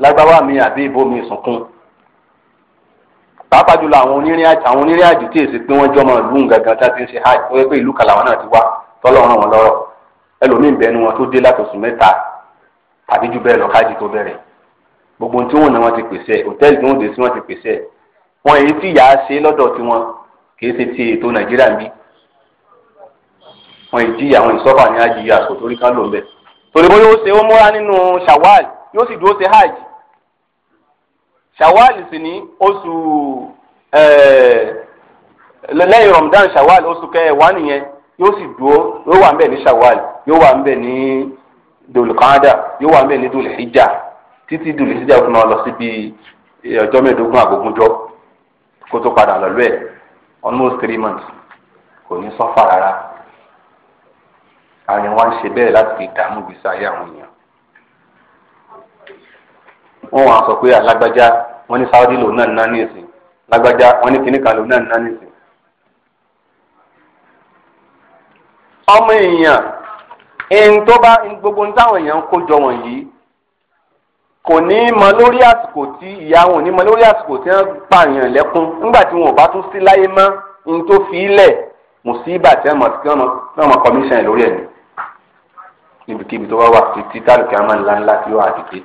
lágbáwá mi àbí ìbò mi sunkún pàápàá jùlọ àwọn onírìn àjò àwọn onírìn àjò tí èsì pé wọ́n jọ máa lù ń gangan tá a ti ń ṣe hajj tó yẹ pé ìlú kan làwọn náà ti wá tọ́lọ́run wọn lọ́rọ̀ ẹlòmíín bẹnu wọn tó dé látòsùn mẹ́ta tàbí jù bẹ́ẹ̀ lọ káàdì tó bẹ̀rẹ̀ gbogbo tí wọn náà wọ́n ti pèsè hòtẹ́ẹ̀lì tí wọ́n dé sí wọ́n ti pèsè wọn èyí tí yàá ṣe lọ́dọ̀ tiwọn kì í ṣe ti ètò nàìjíríà ń bí wọn ìjìyà àwọn ìsọ́fà ní torí bó yóò ṣe ó múra nínú shawal yóò sì dúró ṣe hajj shawal sì ní oṣù eh, lẹ́yìn ramadan shawal oṣù kẹwàá nìyẹn yóò sì dúró yóò wà ń bẹ̀ ní shawal yóò wà ń bẹ̀ ní dolukanda yóò wà ń bẹ̀ ní dolihijja títí dolihijja fún ọ lọ síbi eh, ọjọ́ mẹ́ẹ̀ẹ́dógún àgógúnjọ́ kó tó padà lọ́lọ́ ẹ̀ almost three months kò ní sọ́fà rárá àwọn wọn ń ṣe bẹ́ẹ̀ láti fi dààmú gbèsè ayé àwọn èèyàn wọn wàá sọ pé alágbájá wọn ní sáwọ́dí lòun náà ń ná ní ìsìn lágbájá wọn ní kíníkà lòun náà ń ná ní ìsìn. ọmọ èèyàn ẹni tó bá gbogbo ní táwọn èèyàn ń kó jọ wọ̀nyí kò ní mọ lórí àsìkò tí ìyá wọn ò ní mọ lórí àsìkò tí wọn pààyàn lẹ́kún nígbà tí wọn ò bá tún sí láyé mọ́ ní tó fi í lẹ̀ mùsíbà tí wọn mọ kọmíṣàn lórí ẹ̀ ni níbikíbi tó bá wà títí tálùkì àmà ńláńlá tí ó àdìdé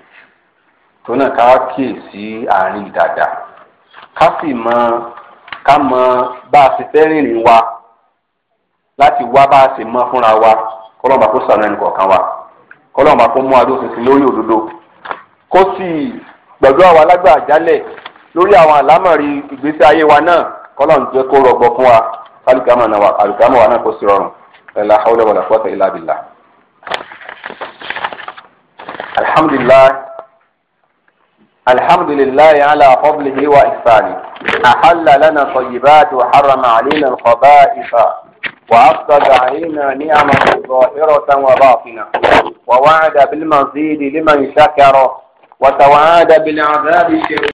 tó náà ká kíyèsí àárín ìdàdà ká sì mọ ká mọ bá a ṣe fẹ́ rìnrìn wa láti wá bá a ṣe mọ fúnra wa kọ́lọ́mà kó sànú ẹnì kọ̀ọ̀kan wa kọ́lọ́mà kó mú adó tuntun lórí òdodo kó sì gbọ̀dọ̀ àwọn alágbà àjálẹ̀ lórí àwọn àlámọ̀rí ìgbésí ayé wa náà kọ́lọ́mà jẹ́ kó rọgbọ fún wa kálukàmọ̀ wa náà kó sì rọrùn la hawla wala quwwata illa billah. الحمد لله الحمد لله على فضله وإحسانه أحل لنا الطيبات وحرم علينا الخبائث وأفسد علينا نعمه ظاهرة وباطنة ووعد بالمزيد لمن شكر وتوعد بالعذاب الشديد